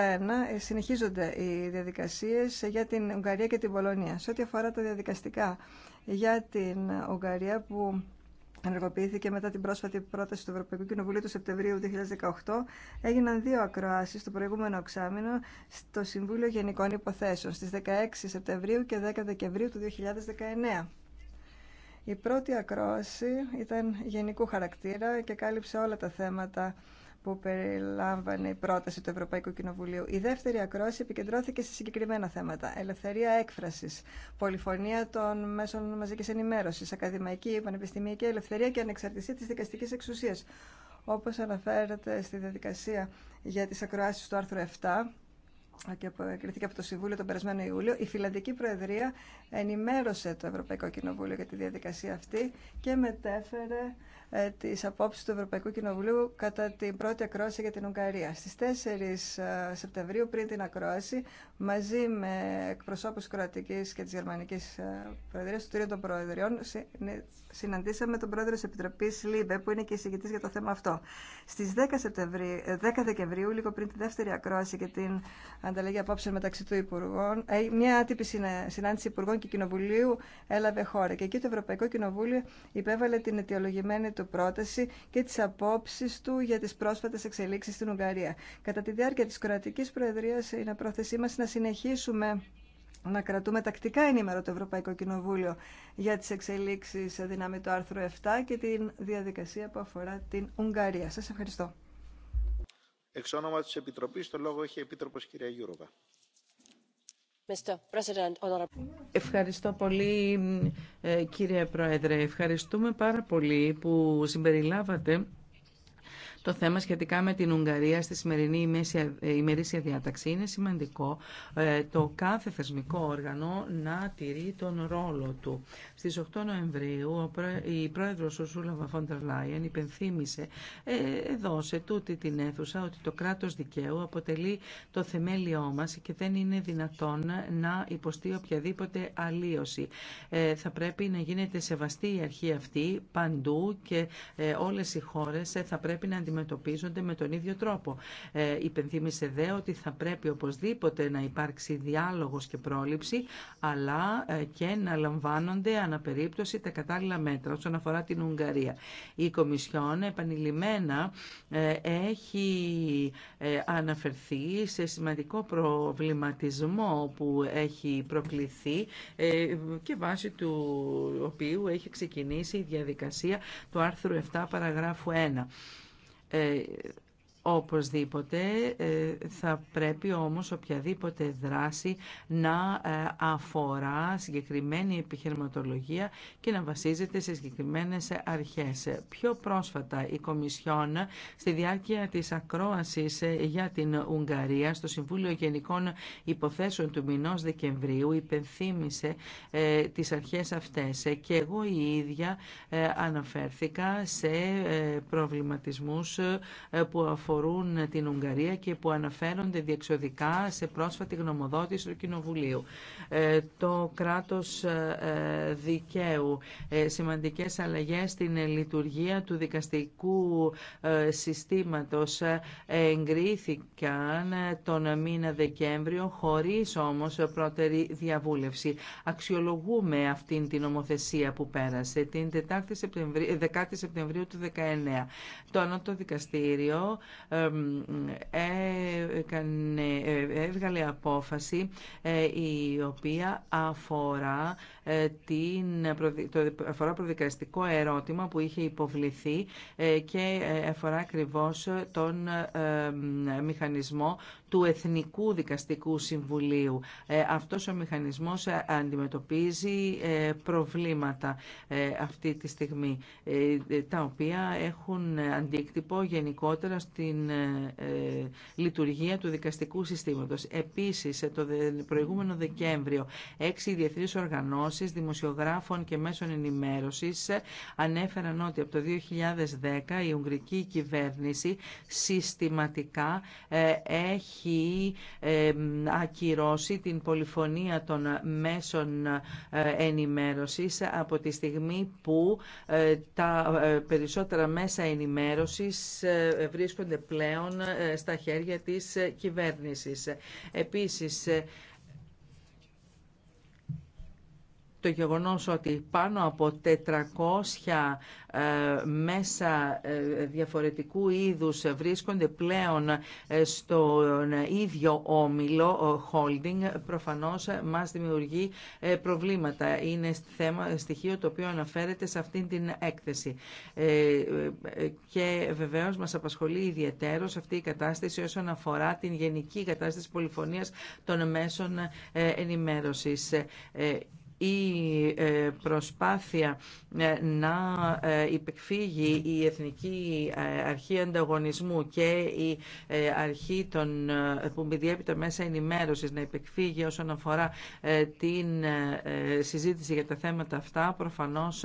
συνεχίζονται οι διαδικασίες για την Ουγγαρία και την Πολωνία. Σε ό,τι αφορά τα διαδικαστικά για την Ουγγαρία που ενεργοποιήθηκε μετά την πρόσφατη πρόταση του Ευρωπαϊκού Κοινοβουλίου του Σεπτεμβρίου 2018, έγιναν δύο ακροάσει το προηγούμενο εξάμεινο στο Συμβούλιο Γενικών Υποθέσεων στι 16 Σεπτεμβρίου και 10 Δεκεμβρίου του 2019. Η πρώτη ακρόαση ήταν γενικού χαρακτήρα και κάλυψε όλα τα θέματα που περιλάμβανε η πρόταση του Ευρωπαϊκού Κοινοβουλίου. Η δεύτερη ακρόαση επικεντρώθηκε σε συγκεκριμένα θέματα. Ελευθερία έκφραση, πολυφωνία των μέσων μαζική ενημέρωση, ακαδημαϊκή, πανεπιστημιακή ελευθερία και ανεξαρτησία τη δικαστική εξουσία. Όπω αναφέρεται στη διαδικασία για τι ακροάσει του άρθρου 7, και κρίθηκε από το Συμβούλιο τον περασμένο Ιούλιο, η Φιλανδική Προεδρία ενημέρωσε το Ευρωπαϊκό Κοινοβούλιο για τη διαδικασία αυτή και μετέφερε ε, τις απόψεις του Ευρωπαϊκού Κοινοβουλίου κατά την πρώτη ακρόαση για την Ουγγαρία. Στι 4 ε, Σεπτεμβρίου πριν την ακρόαση, μαζί με τη Κροατική και τη γερμανική ε, προεδρία, του τρίτου των Προεδριών, συναντήσαμε τον πρόεδρο τη Επιτροπή ΛΥΜΠΕ, που είναι και εισηγητή για το θέμα αυτό. Στι 10, 10 Δεκεμβρίου, λίγο πριν τη δεύτερη ακρόαση και την ανταλλαγή απόψεων μεταξύ των Υπουργών. Ε, μια άτυπη συνάντηση Υπουργών και Κοινοβουλίου έλαβε χώρα. Και εκεί το Ευρωπαϊκό Κοινοβούλιο υπέβαλε την αιτιολογημένη του πρόταση και τι απόψει του για τι πρόσφατε εξελίξει στην Ουγγαρία. Κατά τη διάρκεια τη κρατική Προεδρία, είναι πρόθεσή μα να συνεχίσουμε να κρατούμε τακτικά ενήμερο το Ευρωπαϊκό Κοινοβούλιο για τις εξελίξεις σε δυνάμει του άρθρου 7 και την διαδικασία που αφορά την Ουγγαρία. Σας ευχαριστώ. Εξ ονόματος της Επιτροπής, το λόγο έχει η Επίτροπος κυρία Γιούροβα. Ευχαριστώ πολύ ε, κύριε Πρόεδρε. Ευχαριστούμε πάρα πολύ που συμπεριλάβατε το θέμα σχετικά με την Ουγγαρία στη σημερινή ε, ημερήσια διάταξη είναι σημαντικό ε, το κάθε θεσμικό όργανο να τηρεί τον ρόλο του. Στις 8 Νοεμβρίου η πρόεδρος Ουσούλα Βαφόντερ Λάιεν υπενθύμησε ε, εδώ σε τούτη την αίθουσα ότι το κράτος δικαίου αποτελεί το θεμέλιό μας και δεν είναι δυνατόν να υποστεί οποιαδήποτε αλλίωση. Θα πρέπει να γίνεται σεβαστή η αρχή αυτή παντού και όλες οι χώρες θα πρέπει να αντιμετωπίσουν αντιμετωπίζονται με τον ίδιο τρόπο. Ε, υπενθύμησε δε ότι θα πρέπει οπωσδήποτε να υπάρξει διάλογος και πρόληψη, αλλά ε, και να λαμβάνονται αναπερίπτωση τα κατάλληλα μέτρα όσον αφορά την Ουγγαρία. Η Κομισιόν επανειλημμένα ε, έχει ε, αναφερθεί σε σημαντικό προβληματισμό που έχει προκληθεί και βάσει του οποίου έχει ξεκινήσει η διαδικασία του άρθρου 7 παραγράφου 1 ε, Οπωσδήποτε ε, θα πρέπει όμως οποιαδήποτε δράση να ε, αφορά συγκεκριμένη επιχειρηματολογία και να βασίζεται σε συγκεκριμένες αρχές. Πιο πρόσφατα η Κομισιόν στη διάρκεια της ακρόασης ε, για την Ουγγαρία στο Συμβούλιο Γενικών Υποθέσεων του μηνός Δεκεμβρίου υπενθύμησε τις αρχές αυτές και εγώ η ίδια αναφέρθηκα σε προβληματισμούς που αφορούν αφορούν την Ουγγαρία και που αναφέρονται διεξοδικά σε πρόσφατη γνωμοδότηση του Κοινοβουλίου. Ε, το κράτος ε, δικαίου, ε, σημαντικές αλλαγές στην λειτουργία του δικαστικού συστήματος εγκρίθηκαν τον μήνα Δεκέμβριο χωρίς όμως πρώτερη διαβούλευση. Αξιολογούμε αυτήν την ομοθεσία που πέρασε την 10η Σεπτεμβρίου του 19. Το Ανώτο Δικαστήριο ε, έβγαλε απόφαση ε, η οποία αφορά ε, την, το αφορά προδικαστικό ερώτημα που είχε υποβληθεί ε, και ε, αφορά ακριβώς τον μηχανισμό του Εθνικού Δικαστικού Συμβουλίου. Αυτός ο μηχανισμός αντιμετωπίζει προβλήματα αυτή τη στιγμή, τα οποία έχουν αντίκτυπο γενικότερα στην λειτουργία του δικαστικού συστήματος. Επίσης, το προηγούμενο Δεκέμβριο, έξι διεθνείς οργανώσεις δημοσιογράφων και μέσων ενημέρωσης ανέφεραν ότι από το 2010 η Ουγγρική κυβέρνηση συστηματικά ε, έχει ακυρώσει την πολυφωνία των μέσων ε, ενημέρωσης από τη στιγμή που ε, τα περισσότερα μέσα ενημέρωσης βρίσκονται πλέον στα χέρια της κυβέρνησης. Επίσης, το γεγονός ότι πάνω από 400 ε, μέσα ε, διαφορετικού είδους βρίσκονται πλέον ε, στον ίδιο όμιλο holding προφανώς μας δημιουργεί προβλήματα. Είναι θέμα, στοιχείο το οποίο αναφέρεται σε αυτήν την έκθεση. Και βεβαίως μας απασχολεί σε αυτή η κατάσταση όσον αφορά την γενική κατάσταση πολυφωνίας των μέσων ενημέρωσης η ε, προσπάθεια ε, να ε, υπεκφύγει η Εθνική Αρχή Ανταγωνισμού και η αρχή των, που διέπει το μέσα ενημέρωσης να υπεκφύγει όσον αφορά την συζήτηση για τα θέματα αυτά προφανώς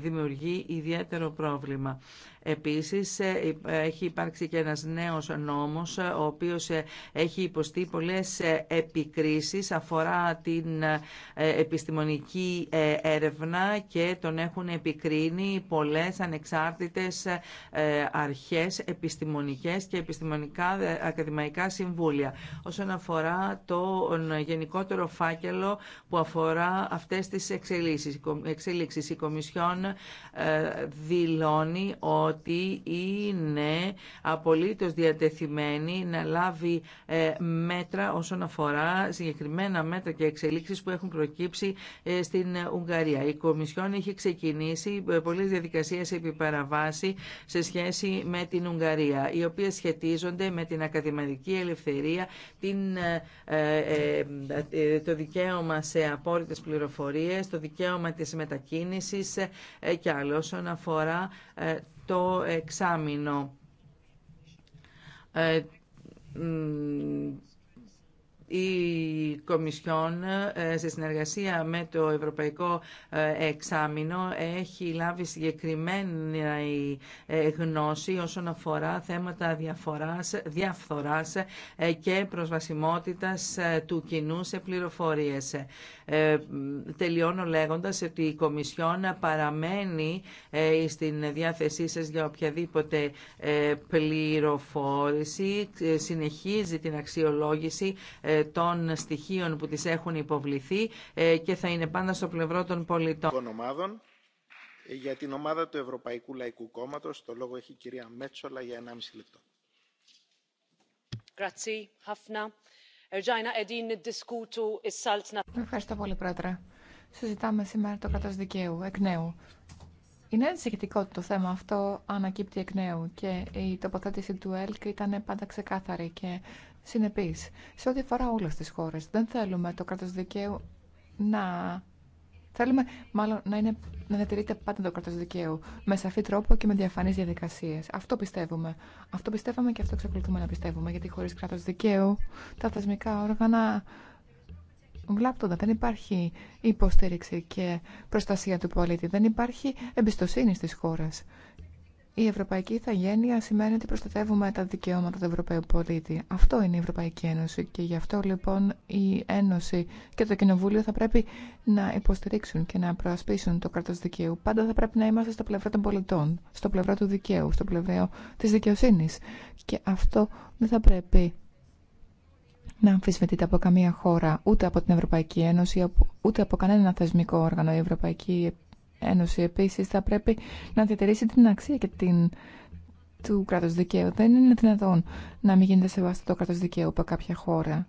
δημιουργεί ιδιαίτερο πρόβλημα. Επίσης ε, έχει υπάρξει και ένας νέος νόμος ε, ο οποίος ε, έχει υποστεί πολλές επικρίσεις αφορά την επιστημονική έρευνα και τον έχουν επικρίνει πολλές ανεξάρτητες αρχές επιστημονικές και επιστημονικά ακαδημαϊκά συμβούλια. Όσον αφορά τον γενικότερο φάκελο που αφορά αυτές τις εξελίξεις, η Κομισιόν δηλώνει ότι ότι είναι απολύτως διατεθειμένη να λάβει ε, μέτρα όσον αφορά συγκεκριμένα μέτρα και εξελίξεις που έχουν προκύψει ε, στην Ουγγαρία. Η Κομισιόν έχει ξεκινήσει ε, πολλές διαδικασίες επί παραβάση σε σχέση με την Ουγγαρία, οι οποίες σχετίζονται με την ακαδημαϊκή ελευθερία, την, το δικαίωμα σε απόλυτες πληροφορίες, το δικαίωμα της μετακίνησης και άλλο όσον αφορά το εξάμεινο ε, η Κομισιόν ε, σε συνεργασία με το Ευρωπαϊκό ε, Εξάμεινο έχει λάβει συγκεκριμένη ε, γνώση όσον αφορά θέματα διαφοράς, διαφθοράς και προσβασιμότητας του κοινού σε πληροφορίες. Τελειώνω λέγοντας ότι η Κομισιόν παραμένει στην διάθεσή σας για οποιαδήποτε πληροφόρηση, συνεχίζει την αξιολόγηση των στοιχείων που τις έχουν υποβληθεί ε, και θα είναι πάντα στο πλευρό των πολιτών. Των λοιπόν, ομάδων. Ε, για την ομάδα του Ευρωπαϊκού Λαϊκού Κόμματος, το λόγο έχει η κυρία Μέτσολα για 1,5 λεπτό. Ε, Ευχαριστώ πολύ, Πρόεδρε. Συζητάμε σήμερα το κράτο δικαίου εκ νέου. Είναι ενσυχητικό το θέμα αυτό ανακύπτει εκ νέου και η τοποθέτηση του ΕΛΚ ήταν πάντα ξεκάθαρη και συνεπείς σε ό,τι αφορά όλες τις χώρες. Δεν θέλουμε το κράτος δικαίου να... Θέλουμε μάλλον να, είναι, να διατηρείται πάντα το κράτος δικαίου με σαφή τρόπο και με διαφανείς διαδικασίες. Αυτό πιστεύουμε. Αυτό πιστεύαμε και αυτό εξακολουθούμε να πιστεύουμε γιατί χωρίς κράτος δικαίου τα θεσμικά όργανα βλάπτοντα. Δεν υπάρχει υποστήριξη και προστασία του πολίτη. Δεν υπάρχει εμπιστοσύνη στις χώρες. Η Ευρωπαϊκή Ιθαγένεια σημαίνει ότι προστατεύουμε τα δικαιώματα του Ευρωπαίου πολίτη. Αυτό είναι η Ευρωπαϊκή Ένωση και γι' αυτό λοιπόν η Ένωση και το Κοινοβούλιο θα πρέπει να υποστηρίξουν και να προασπίσουν το κράτος δικαίου. Πάντα θα πρέπει να είμαστε στο πλευρό των πολιτών, στο πλευρό του δικαίου, στο πλευρό της δικαιοσύνης. Και αυτό δεν θα πρέπει να αμφισβητείται από καμία χώρα, ούτε από την Ευρωπαϊκή Ένωση, ούτε από κανένα θεσμικό όργανο. Η Ευρωπαϊκή Ένωση επίσης θα πρέπει να διατηρήσει την αξία και την του κράτους δικαίου. Δεν είναι δυνατόν να μην γίνεται σεβαστό το κράτος δικαίου από κάποια χώρα.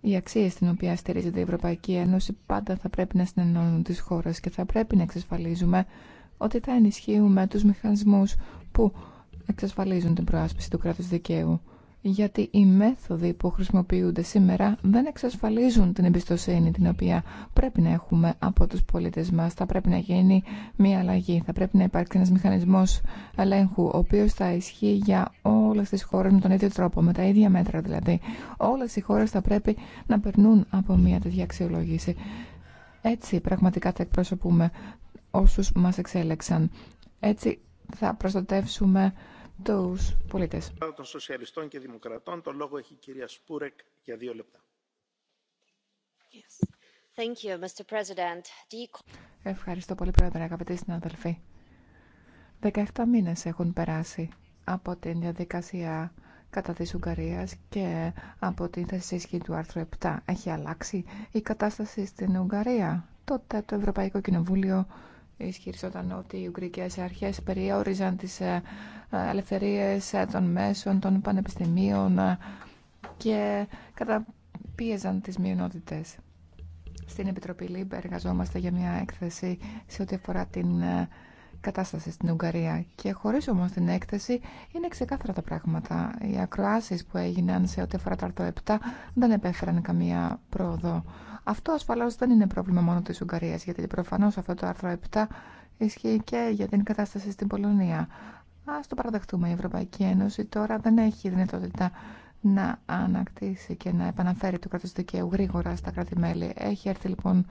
Οι αξίε στην οποία στηρίζεται η Ευρωπαϊκή Ένωση πάντα θα πρέπει να συνενώνουν τις χώρες και θα πρέπει να εξασφαλίζουμε ότι θα ενισχύουμε τους μηχανισμούς που εξασφαλίζουν την προάσπιση του κράτους δικαίου γιατί οι μέθοδοι που χρησιμοποιούνται σήμερα δεν εξασφαλίζουν την εμπιστοσύνη την οποία πρέπει να έχουμε από τους πολίτες μας. Θα πρέπει να γίνει μια αλλαγή, θα πρέπει να υπάρξει ένας μηχανισμός ελέγχου, ο οποίος θα ισχύει για όλες τις χώρες με τον ίδιο τρόπο, με τα ίδια μέτρα δηλαδή. Όλες οι χώρες θα πρέπει να περνούν από μια τέτοια αξιολόγηση. Έτσι πραγματικά θα εκπροσωπούμε όσους μας εξέλεξαν. Έτσι θα προστατεύσουμε τους πολίτες. Των Σοσιαλιστών και Δημοκρατών, το λόγο έχει η κυρία Σπούρεκ για δύο λεπτά. Thank you, Mr. President. Ευχαριστώ πολύ, Πρόεδρε, αγαπητοί συναδελφοί. 17 μήνες έχουν περάσει από την διαδικασία κατά της Ουγγαρίας και από την θέση ισχύ του άρθρου 7. Έχει αλλάξει η κατάσταση στην Ουγγαρία. Τότε το Ευρωπαϊκό Κοινοβούλιο ισχυριζόταν ότι οι Ουγγρικές αρχές περιόριζαν τις ε, ε, ελευθερίες ε, των μέσων, των πανεπιστημίων και καταπίεζαν τις μειονότητες. Στην Επιτροπή ΛΥΜΠ εργαζόμαστε για μια έκθεση σε ό,τι αφορά την κατάσταση στην Ουγγαρία. Και χωρίς όμως την έκθεση είναι ξεκάθαρα τα πράγματα. Οι ακροάσεις που έγιναν σε ό,τι αφορά το δεν επέφεραν καμία πρόοδο. Αυτό ασφαλώ δεν είναι πρόβλημα μόνο τη Ουγγαρία, γιατί προφανώ αυτό το άρθρο 7 ισχύει και για την κατάσταση στην Πολωνία. Α το παραδεχτούμε, η Ευρωπαϊκή Ένωση τώρα δεν έχει δυνατότητα να ανακτήσει και να επαναφέρει το κράτο δικαίου γρήγορα στα κράτη-μέλη. Έχει έρθει λοιπόν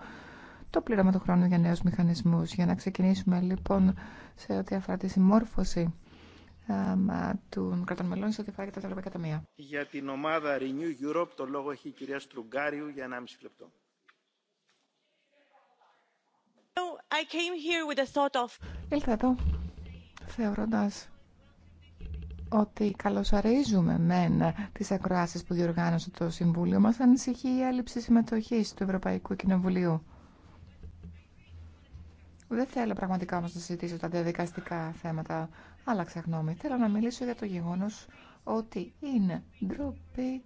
το πλήρωμα του χρόνου για νέου μηχανισμού. Για να ξεκινήσουμε λοιπόν σε ό,τι αφορά τη συμμόρφωση των κρατών μελών σε ό,τι αφορά και τα ευρωπαϊκά ταμεία. Για την ομάδα Renew Europe το λόγο έχει η κυρία Στρουγκάριου για 1,5 λεπτό. I εδώ θεωρώντας ότι καλωσορίζουμε μεν τις ακροάσεις που διοργάνωσε το Συμβούλιο μας, ανησυχεί η έλλειψη συμμετοχής του Ευρωπαϊκού Κοινοβουλίου. Δεν θέλω πραγματικά όμως να συζητήσω τα διαδικαστικά θέματα. αλλά γνώμη. Θέλω να μιλήσω για το γεγονός ότι είναι ντροπή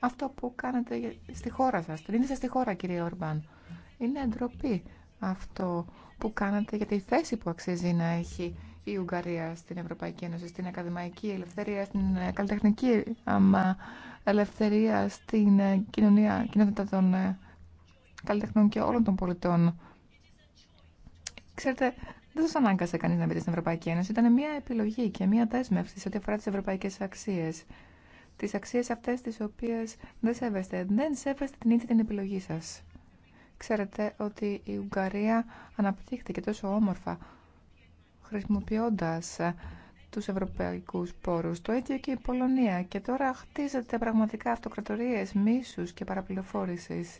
αυτό που κάνετε στη χώρα σας. Την είστε στη χώρα, κύριε Ορμπάν. Είναι ντροπή αυτό που κάνατε για τη θέση που αξίζει να έχει η Ουγγαρία στην Ευρωπαϊκή Ένωση, στην ακαδημαϊκή ελευθερία, στην καλλιτεχνική αμα, ελευθερία, στην ε, κοινωνία, κοινότητα των ε, καλλιτεχνών και όλων των πολιτών. Ξέρετε, δεν σα ανάγκασε κανεί να μπείτε στην Ευρωπαϊκή Ένωση. Ήταν μια επιλογή και μια δέσμευση σε ό,τι αφορά τι ευρωπαϊκέ αξίε. Τι αξίε αυτέ τι οποίε δεν σέβεστε. Δεν σέβεστε την ίδια την επιλογή σα. Ξέρετε ότι η Ουγγαρία αναπτύχθηκε τόσο όμορφα χρησιμοποιώντας ε, τους ευρωπαϊκούς πόρους. Το ίδιο και η Πολωνία. Και τώρα χτίζεται πραγματικά αυτοκρατορίες μίσους και παραπληροφόρησης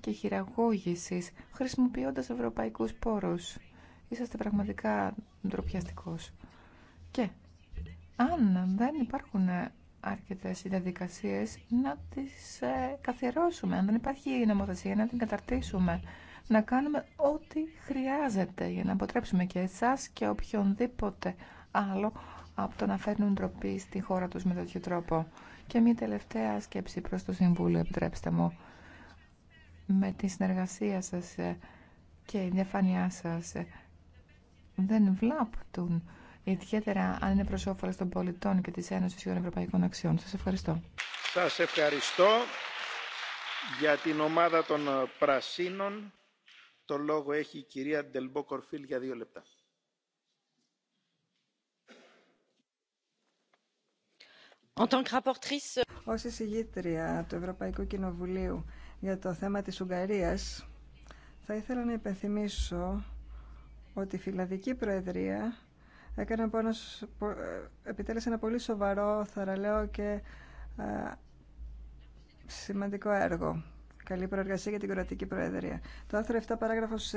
και χειραγώγησης χρησιμοποιώντας ευρωπαϊκούς πόρους. Είσαστε πραγματικά ντροπιαστικός. Και αν δεν υπάρχουν ε, αρκετέ οι διαδικασίε, να τι ε, καθιερώσουμε. Αν δεν υπάρχει η νομοθεσία, να την καταρτήσουμε. Να κάνουμε ό,τι χρειάζεται για να αποτρέψουμε και εσά και οποιονδήποτε άλλο από το να φέρνουν ντροπή στη χώρα τους με τέτοιο τρόπο. Και μια τελευταία σκέψη προς το Συμβούλιο, επιτρέψτε μου. Με τη συνεργασία σας ε, και η διαφάνειά σας ε, δεν βλάπτουν ιδιαίτερα αν είναι προς όφελος των πολιτών και τη Ένωσης των Ευρωπαϊκών Αξιών. Σας ευχαριστώ. Σας ευχαριστώ για την ομάδα των ε, Πρασίνων. Το λόγο έχει η κυρία Ντελμπό Κορφίλ για δύο λεπτά. Ως εισηγήτρια του Ευρωπαϊκού Κοινοβουλίου για το θέμα της Ουγγαρίας, θα ήθελα να υπενθυμίσω ότι η Φιλαδική Προεδρία έκανε επιτέλεσε ένα πολύ σοβαρό, θαραλέο και ε, σημαντικό έργο. Καλή προεργασία για την κρατική προεδρία. Το άρθρο 7 παράγραφος 1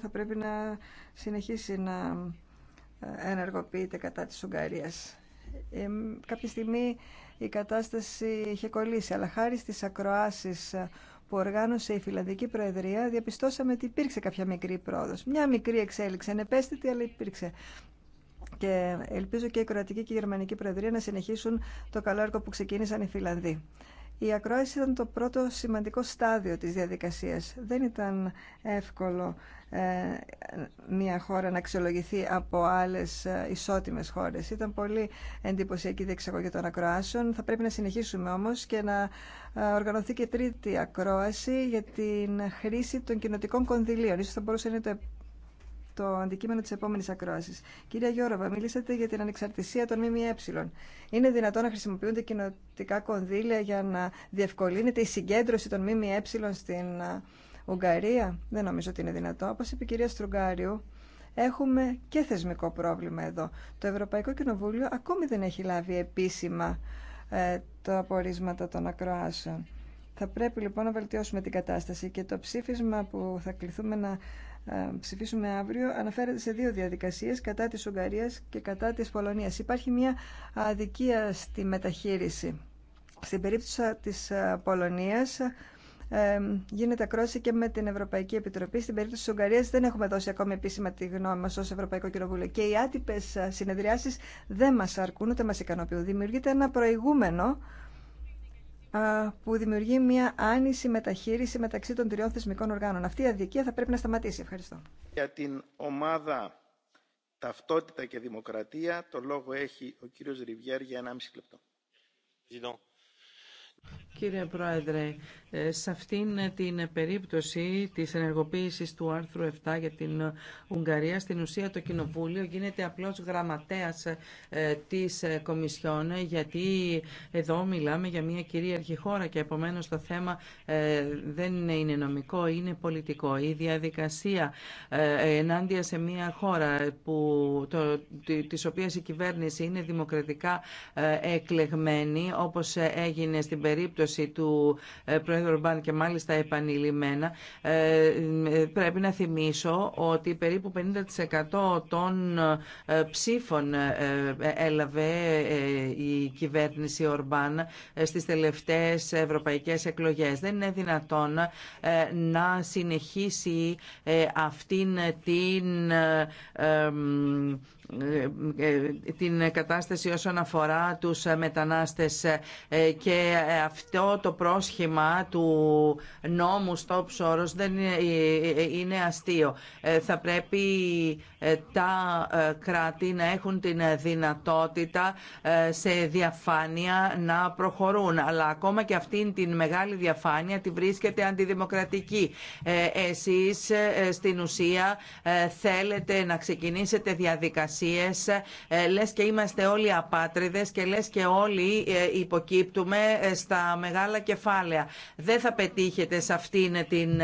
θα πρέπει να συνεχίσει να ε, ενεργοποιείται κατά της Ουγγαρίας. Ε, κάποια στιγμή η κατάσταση είχε κολλήσει, αλλά χάρη στις ακροάσεις ε, που οργάνωσε η Φιλανδική Προεδρία, διαπιστώσαμε ότι υπήρξε κάποια μικρή πρόοδο. Μια μικρή εξέλιξη, ανεπέστητη, αλλά υπήρξε και ελπίζω και η Κροατική και η Γερμανική Προεδρία να συνεχίσουν το καλό έργο που ξεκίνησαν οι Φιλανδοί. Η ακρόαση ήταν το πρώτο σημαντικό στάδιο της διαδικασίας. Δεν ήταν εύκολο ε, μια χώρα να αξιολογηθεί από άλλες ε, ισότιμες χώρες. Ήταν πολύ εντυπωσιακή διεξαγωγή των ακροάσεων. Θα πρέπει να συνεχίσουμε όμως και να ε, οργανωθεί και τρίτη ακρόαση για την χρήση των κοινοτικών κονδυλίων. Ίσως θα μπορούσε να είναι το το αντικείμενο τη επόμενη ακρόαση. Κύριε Γιώργο, μιλήσατε για την ανεξαρτησία των ΜΜΕ. Είναι δυνατό να χρησιμοποιούνται κοινοτικά κονδύλια για να διευκολύνεται η συγκέντρωση των ΜΜΕ στην Ουγγαρία. Δεν νομίζω ότι είναι δυνατό. Όπω είπε η κυρία Στρουγκάριου, έχουμε και θεσμικό πρόβλημα εδώ. Το Ευρωπαϊκό Κοινοβούλιο ακόμη δεν έχει λάβει επίσημα ε, τα απορίσματα των ακροάσεων. Θα πρέπει λοιπόν να βελτιώσουμε την κατάσταση και το ψήφισμα που θα κληθούμε να ε, ψηφίσουμε αύριο αναφέρεται σε δύο διαδικασίες κατά της Ουγγαρίας και κατά της Πολωνίας. Υπάρχει μια αδικία στη μεταχείριση. Στην περίπτωση της ε, Πολωνίας ε, γίνεται ακρόση και με την Ευρωπαϊκή Επιτροπή. Στην περίπτωση της Ουγγαρίας δεν έχουμε δώσει ακόμη επίσημα τη γνώμη μα ω Ευρωπαϊκό Κοινοβούλιο. Και οι άτυπε συνεδριάσεις δεν μας αρκούν ούτε μα ικανοποιούν. Δημιουργείται ένα προηγούμενο που δημιουργεί μια άνηση μεταχείριση μεταξύ των τριών θεσμικών οργάνων. Αυτή η αδικία θα πρέπει να σταματήσει. Ευχαριστώ. Για την ομάδα Ταυτότητα και Δημοκρατία το λόγο έχει ο κύριος Ριβιέρ για 1,5 λεπτό. Κύριε Πρόεδρε, ε, σε αυτήν την περίπτωση της ενεργοποίησης του άρθρου 7 για την Ουγγαρία, στην ουσία το Κοινοβούλιο γίνεται απλώς γραμματέας ε, της ε, Κομισιόν, γιατί εδώ μιλάμε για μια κυρίαρχη χώρα και επομένως το θέμα δεν είναι νομικό, είναι πολιτικό. Η διαδικασία ενάντια σε μια χώρα που, το, της οποίας η κυβέρνηση είναι δημοκρατικά εκλεγμένη, όπως έγινε στην περίπτωση του ε, Πρόεδρου Ορμπάν και μάλιστα επανειλημμένα, ε, ε, πρέπει να θυμίσω ότι περίπου 50% των ψήφων έλαβε η κυβέρνηση Ορμπάν στις τελευταίες ευρωπαϊκές εκλογές. Δεν είναι δυνατόν να συνεχίσει αυτήν την την κατάσταση όσον αφορά τους μετανάστες και αυτό το πρόσχημα του νόμου Stop Soros δεν είναι αστείο. Θα πρέπει τα κράτη να έχουν την δυνατότητα σε διαφάνεια να προχωρούν. Αλλά ακόμα και αυτήν την μεγάλη διαφάνεια τη βρίσκεται αντιδημοκρατική. Εσείς στην ουσία θέλετε να ξεκινήσετε διαδικασία ε, λες και είμαστε όλοι απάτριδες και λες και όλοι ε, υποκύπτουμε ε, στα μεγάλα κεφάλαια. Δεν θα πετύχετε σε αυτήν την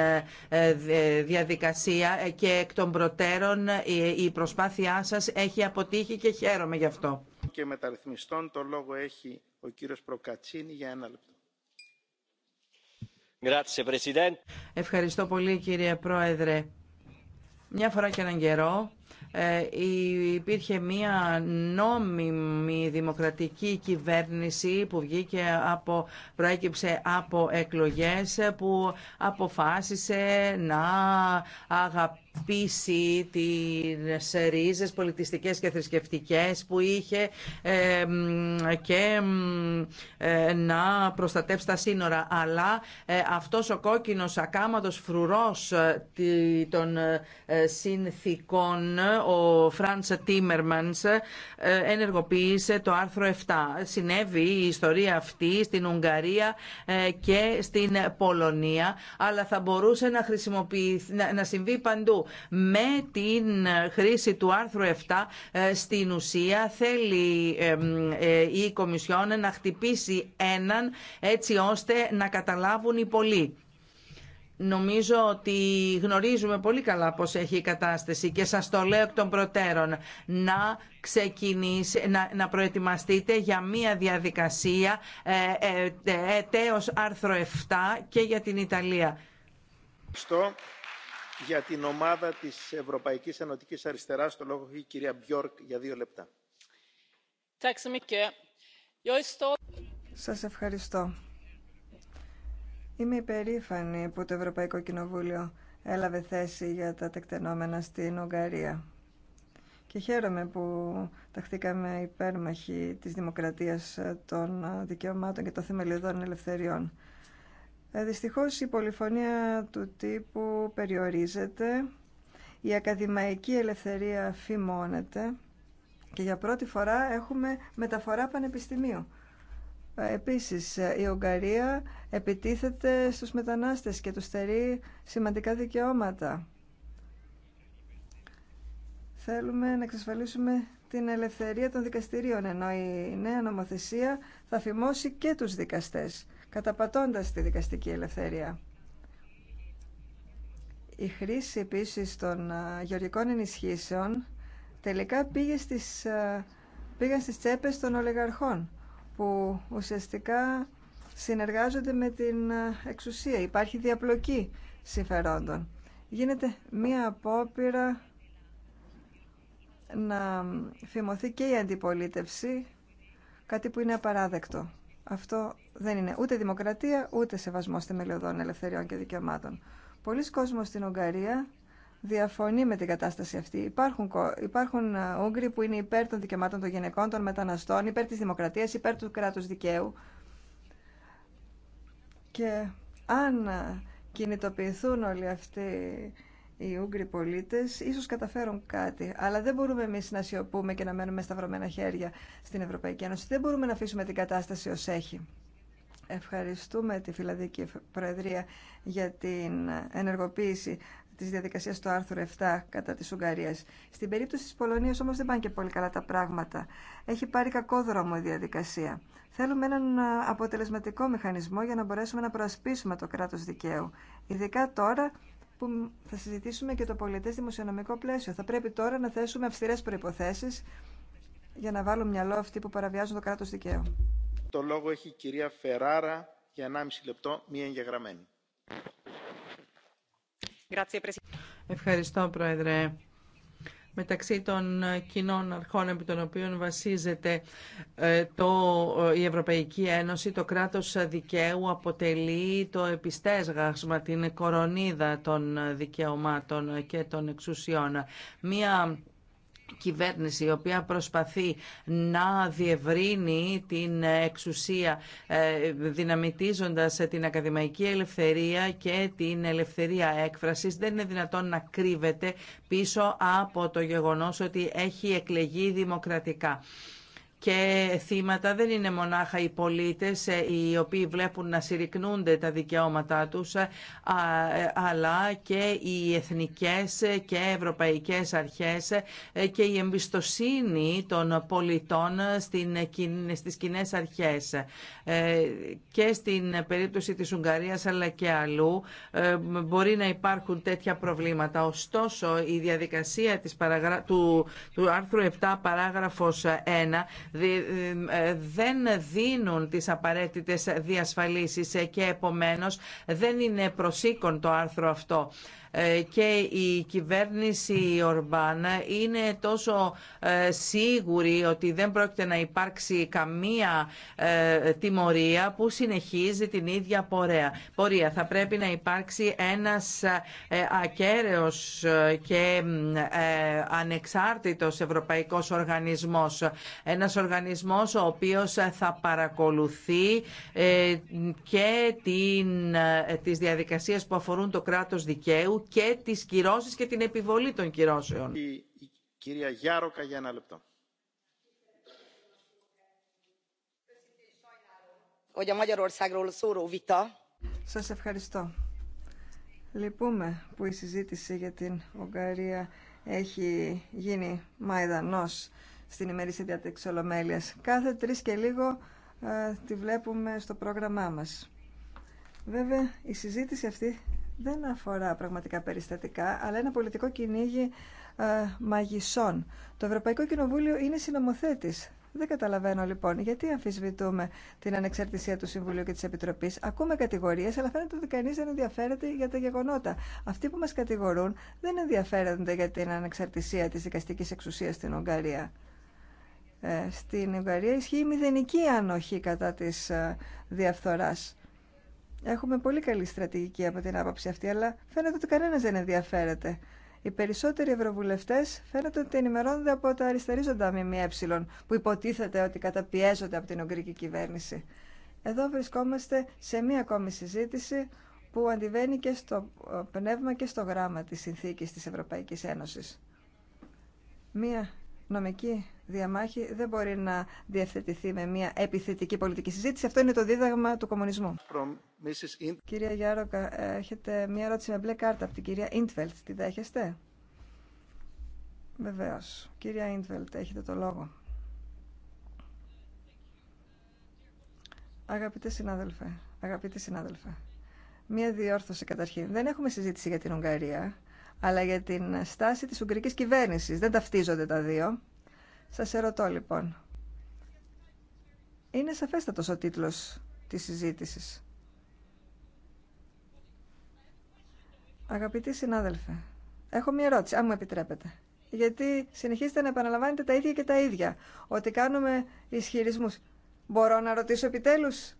διαδικασία και εκ των προτέρων η προσπάθειά σα έχει αποτύχει και χαίρομαι γι' αυτό. Και το λόγο έχει ο κύριος Προκατσίνη για ένα λεπτό. Ευχαριστώ πολύ κύριε Πρόεδρε. Μια φορά και έναν καιρό ε, υπήρχε μία νόμιμη δημοκρατική κυβέρνηση που βγήκε από, προέκυψε από εκλογές που αποφάσισε να αγαπήσει πείσει τι ρίζε πολιτιστικές και θρησκευτικές που είχε ε, και ε, να προστατεύσει τα σύνορα. Αλλά ε, αυτός ο κόκκινος ακάματος φρουρός των συνθήκων, ο Φραντς Τίμερμανς, ενεργοποίησε το άρθρο 7. Συνέβη η ιστορία αυτή στην Ουγγαρία και στην Πολωνία, αλλά θα μπορούσε να, χρησιμοποιηθεί, να, να συμβεί παντού με την χρήση του άρθρου 7 ε, στην ουσία θέλει ε, η Κομισιόν να χτυπήσει έναν έτσι ώστε να καταλάβουν οι πολλοί. Νομίζω ότι γνωρίζουμε πολύ καλά πώς έχει η κατάσταση και σας το λέω εκ των προτέρων να, ξεκινήσει, να, να προετοιμαστείτε για μια διαδικασία ε, ε, ε άρθρο 7 και για την Ιταλία. Για την ομάδα της Ευρωπαϊκής Ενωτικής Αριστεράς, το λόγο έχει η κυρία Μπιόρκ για δύο λεπτά. Σας ευχαριστώ. Είμαι υπερήφανη που το Ευρωπαϊκό Κοινοβούλιο έλαβε θέση για τα τεκτενόμενα στην Ουγγαρία. Και χαίρομαι που ταχθήκαμε υπέρμαχοι της δημοκρατίας των δικαιωμάτων και των θεμελιωδών ελευθεριών. Ε, δυστυχώς η πολυφωνία του τύπου περιορίζεται, η ακαδημαϊκή ελευθερία φημώνεται και για πρώτη φορά έχουμε μεταφορά πανεπιστημίου. Ε, επίσης, ε, η Ουγγαρία επιτίθεται στους μετανάστες και τους στερεί σημαντικά δικαιώματα. Θέλουμε να εξασφαλίσουμε την ελευθερία των δικαστηρίων, ενώ η νέα νομοθεσία θα φημώσει και τους δικαστές καταπατώντας τη δικαστική ελευθερία. Η χρήση επίσης των γεωργικών ενισχύσεων τελικά πήγε στις, πήγαν στις τσέπες των ολιγαρχών που ουσιαστικά συνεργάζονται με την εξουσία. Υπάρχει διαπλοκή συμφερόντων. Γίνεται μία απόπειρα να φημωθεί και η αντιπολίτευση, κάτι που είναι απαράδεκτο. Αυτό δεν είναι ούτε δημοκρατία, ούτε σεβασμός θεμελιωδών ελευθεριών και δικαιωμάτων. Πολλοί κόσμοι στην Ουγγαρία διαφωνεί με την κατάσταση αυτή. Υπάρχουν, υπάρχουν ε, Ούγγροι που είναι υπέρ των δικαιωμάτων των γυναικών, των μεταναστών, υπέρ της δημοκρατίας, υπέρ του κράτους δικαίου. Και αν ε, κινητοποιηθούν όλοι αυτοί οι Ούγγροι πολίτε ίσω καταφέρουν κάτι, αλλά δεν μπορούμε εμεί να σιωπούμε και να μένουμε σταυρωμένα χέρια στην Ευρωπαϊκή Ένωση. Δεν μπορούμε να αφήσουμε την κατάσταση ω έχει. Ευχαριστούμε τη Φιλανδική Προεδρία για την ενεργοποίηση τη διαδικασία του άρθρου 7 κατά τη Ουγγαρία. Στην περίπτωση τη Πολωνία όμω δεν πάνε και πολύ καλά τα πράγματα. Έχει πάρει κακό δρόμο η διαδικασία. Θέλουμε έναν αποτελεσματικό μηχανισμό για να μπορέσουμε να προασπίσουμε το κράτο δικαίου. Ειδικά τώρα που θα συζητήσουμε και το πολιτές δημοσιονομικό πλαίσιο. Θα πρέπει τώρα να θέσουμε αυστηρές προϋποθέσεις για να βάλουν μυαλό αυτοί που παραβιάζουν το κράτος δικαίου. Το λόγο έχει η κυρία Φεράρα για 1,5 λεπτό, μία εγγεγραμμένη. Ευχαριστώ, Πρόεδρε μεταξύ των ε, κοινών αρχών επί των οποίων βασίζεται ε, το, ε, η Ευρωπαϊκή Ένωση. Το κράτος δικαίου αποτελεί το επιστέσγασμα, την κορονίδα των δικαιωμάτων και των εξουσιών. Μία κυβέρνηση η οποία προσπαθεί να διευρύνει την εξουσία ε, δυναμητίζοντας την ακαδημαϊκή ελευθερία και την ελευθερία έκφρασης δεν είναι δυνατόν να κρύβεται πίσω από το γεγονός ότι έχει εκλεγεί δημοκρατικά και θύματα δεν είναι μονάχα οι πολίτες ε, οι οποίοι βλέπουν να συρρυκνούνται τα δικαιώματά τους ε, ε, αλλά και οι εθνικές και ευρωπαϊκές αρχές και η εμπιστοσύνη των πολιτών στις κοινέ αρχές. Και στην περίπτωση της Ουγγαρίας αλλά και αλλού μπορεί να υπάρχουν τέτοια προβλήματα. Ωστόσο η διαδικασία της του... του άρθρου 7 παράγραφος 1 ε, δεν δίνουν τις απαραίτητες διασφαλίσεις ε, και επομένως δεν είναι προσήκον το άρθρο αυτό. Ε, και η κυβέρνηση Ορμπάν είναι τόσο ε, σίγουρη ότι δεν πρόκειται να υπάρξει καμία ε, τιμωρία που συνεχίζει την ίδια πορεία. πορεία. Θα πρέπει να υπάρξει ένας ακέραιος και ανεξάρτητος ευρωπαϊκός οργανισμός. Ένας οργανισμός ο οποίος θα παρακολουθεί και την, τις διαδικασίες που αφορούν το κράτος δικαίου και της κυρώσεις και την επιβολή των κυρώσεων. Η, η κυρία Γιάροκα για ένα λεπτό. Σας ευχαριστώ. Λυπούμε που η συζήτηση για την Ουγγαρία έχει γίνει μαϊδανός στην ημερήσια διάταξη Ολομέλειας. Κάθε τρεις και λίγο ε, τη βλέπουμε στο πρόγραμμά μας. Βέβαια, η συζήτηση αυτή δεν αφορά πραγματικά περιστατικά, αλλά ένα πολιτικό κυνήγι ε, μαγισσών. Το Ευρωπαϊκό Κοινοβούλιο είναι συνομοθέτη. Δεν καταλαβαίνω λοιπόν γιατί αμφισβητούμε την ανεξαρτησία του Συμβουλίου και τη Επιτροπή. Ακούμε κατηγορίε, αλλά φαίνεται ότι κανεί δεν ενδιαφέρεται για τα γεγονότα. Αυτοί που μα κατηγορούν δεν ενδιαφέρονται για την ανεξαρτησία τη δικαστική εξουσία στην Ουγγαρία. Ε, στην Ουγγαρία ισχύει μηδενική ανοχή κατά τη ε, διαφθοράς. Έχουμε πολύ καλή στρατηγική από την άποψη αυτή, αλλά φαίνεται ότι κανένας δεν ενδιαφέρεται. Οι περισσότεροι ευρωβουλευτέ φαίνεται ότι ενημερώνονται από τα αριστερίζοντα ΜΜΕ, που υποτίθεται ότι καταπιέζονται από την Ουγγρική κυβέρνηση. Εδώ βρισκόμαστε σε μία ακόμη συζήτηση που αντιβαίνει και στο πνεύμα και στο γράμμα της συνθήκης της Ευρωπαϊκής Ένωσης. Μία νομική διαμάχη δεν μπορεί να διευθετηθεί με μια επιθετική πολιτική συζήτηση. Αυτό είναι το δίδαγμα του κομμουνισμού. Κυρία Γιάροκα, έχετε μια ερώτηση με μπλε κάρτα από την κυρία Ίντβελτ. Τη δέχεστε? Βεβαίως. Κυρία Ίντβελτ, έχετε το λόγο. Αγαπητέ συνάδελφε, συνάδελφε, μία διόρθωση καταρχήν. Δεν έχουμε συζήτηση για την Ουγγαρία αλλά για την στάση της Ουγγρικής κυβέρνησης. Δεν ταυτίζονται τα δύο. Σας ερωτώ λοιπόν. Είναι σαφέστατος ο τίτλος της συζήτησης. Αγαπητοί συνάδελφε, έχω μία ερώτηση, αν μου επιτρέπετε. Γιατί συνεχίζετε να επαναλαμβάνετε τα ίδια και τα ίδια. Ότι κάνουμε ισχυρισμούς. Μπορώ να ρωτήσω επιτέλους.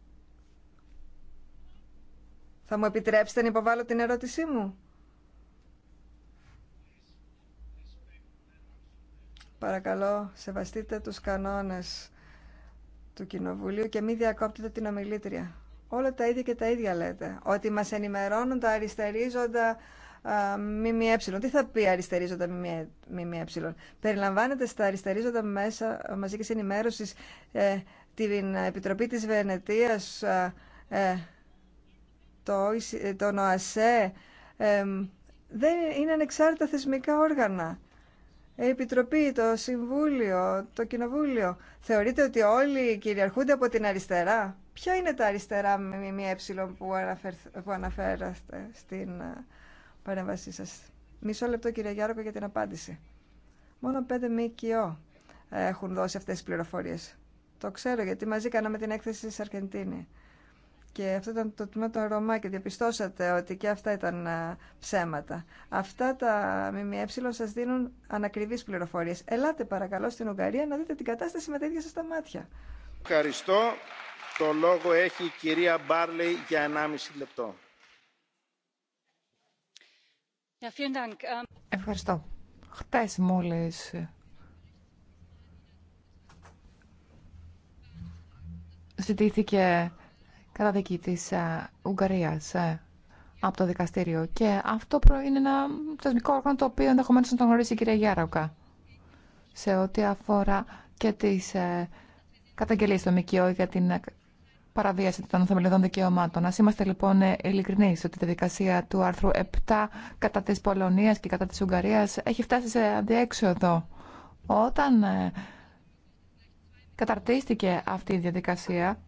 Θα μου επιτρέψετε να υποβάλω την ερώτησή μου. Παρακαλώ, σεβαστείτε τους κανόνες του Κοινοβουλίου και μην διακόπτετε την ομιλήτρια. Όλα τα ίδια και τα ίδια λέτε. Ότι μας ενημερώνουν τα αριστερίζοντα ΜΜΕ. Τι θα πει αριστερίζοντα ΜΜΕ. Περιλαμβάνεται στα αριστερίζοντα μέσα μαζικής ενημέρωσης ε, την Επιτροπή της Βενετίας, ε, ε, το, ε, τον ΟΑΣΕ. Ε, δεν είναι ανεξάρτητα θεσμικά όργανα η Επιτροπή, το Συμβούλιο, το Κοινοβούλιο. Θεωρείτε ότι όλοι κυριαρχούνται από την αριστερά. Ποια είναι τα αριστερά έψιλον ε που, που αναφέρατε στην ε, παρέμβασή σας. Μισό λεπτό κύριε Γιάρκο για την απάντηση. Μόνο πέντε ΜΚΟ έχουν δώσει αυτές τις πληροφορίες. Το ξέρω γιατί μαζί κάναμε την έκθεση στην Αργεντίνη. Και αυτό ήταν το τμήμα των Ρωμά και διαπιστώσατε ότι και αυτά ήταν ε, ψέματα. Αυτά τα ΜΜΕ σα δίνουν ανακριβείς πληροφορίες. Ελάτε παρακαλώ στην Ουγγαρία να δείτε την κατάσταση με τα ίδια σας τα μάτια. Ευχαριστώ. Το λόγο έχει η κυρία Μπάρλεϊ για 1,5 λεπτό. Ähm, Ευχαριστώ. Χτε μόλις ε, ζητήθηκε κατά δική τη ε, Ουγγαρίας ε, από το δικαστήριο. Και αυτό είναι ένα θεσμικό όργανο το οποίο ενδεχομένω να τον γνωρίζει η κυρία Γιάρακά σε ό,τι αφορά και τι καταγγελίε καταγγελίες στο ΜΚΟ για την ε, παραβίαση των θεμελιωδών δικαιωμάτων. Α είμαστε λοιπόν ειλικρινεί ότι η διαδικασία του άρθρου 7 κατά τη Πολωνία και κατά τη Ουγγαρία έχει φτάσει σε αντιέξοδο. Όταν ε, καταρτίστηκε αυτή η διαδικασία,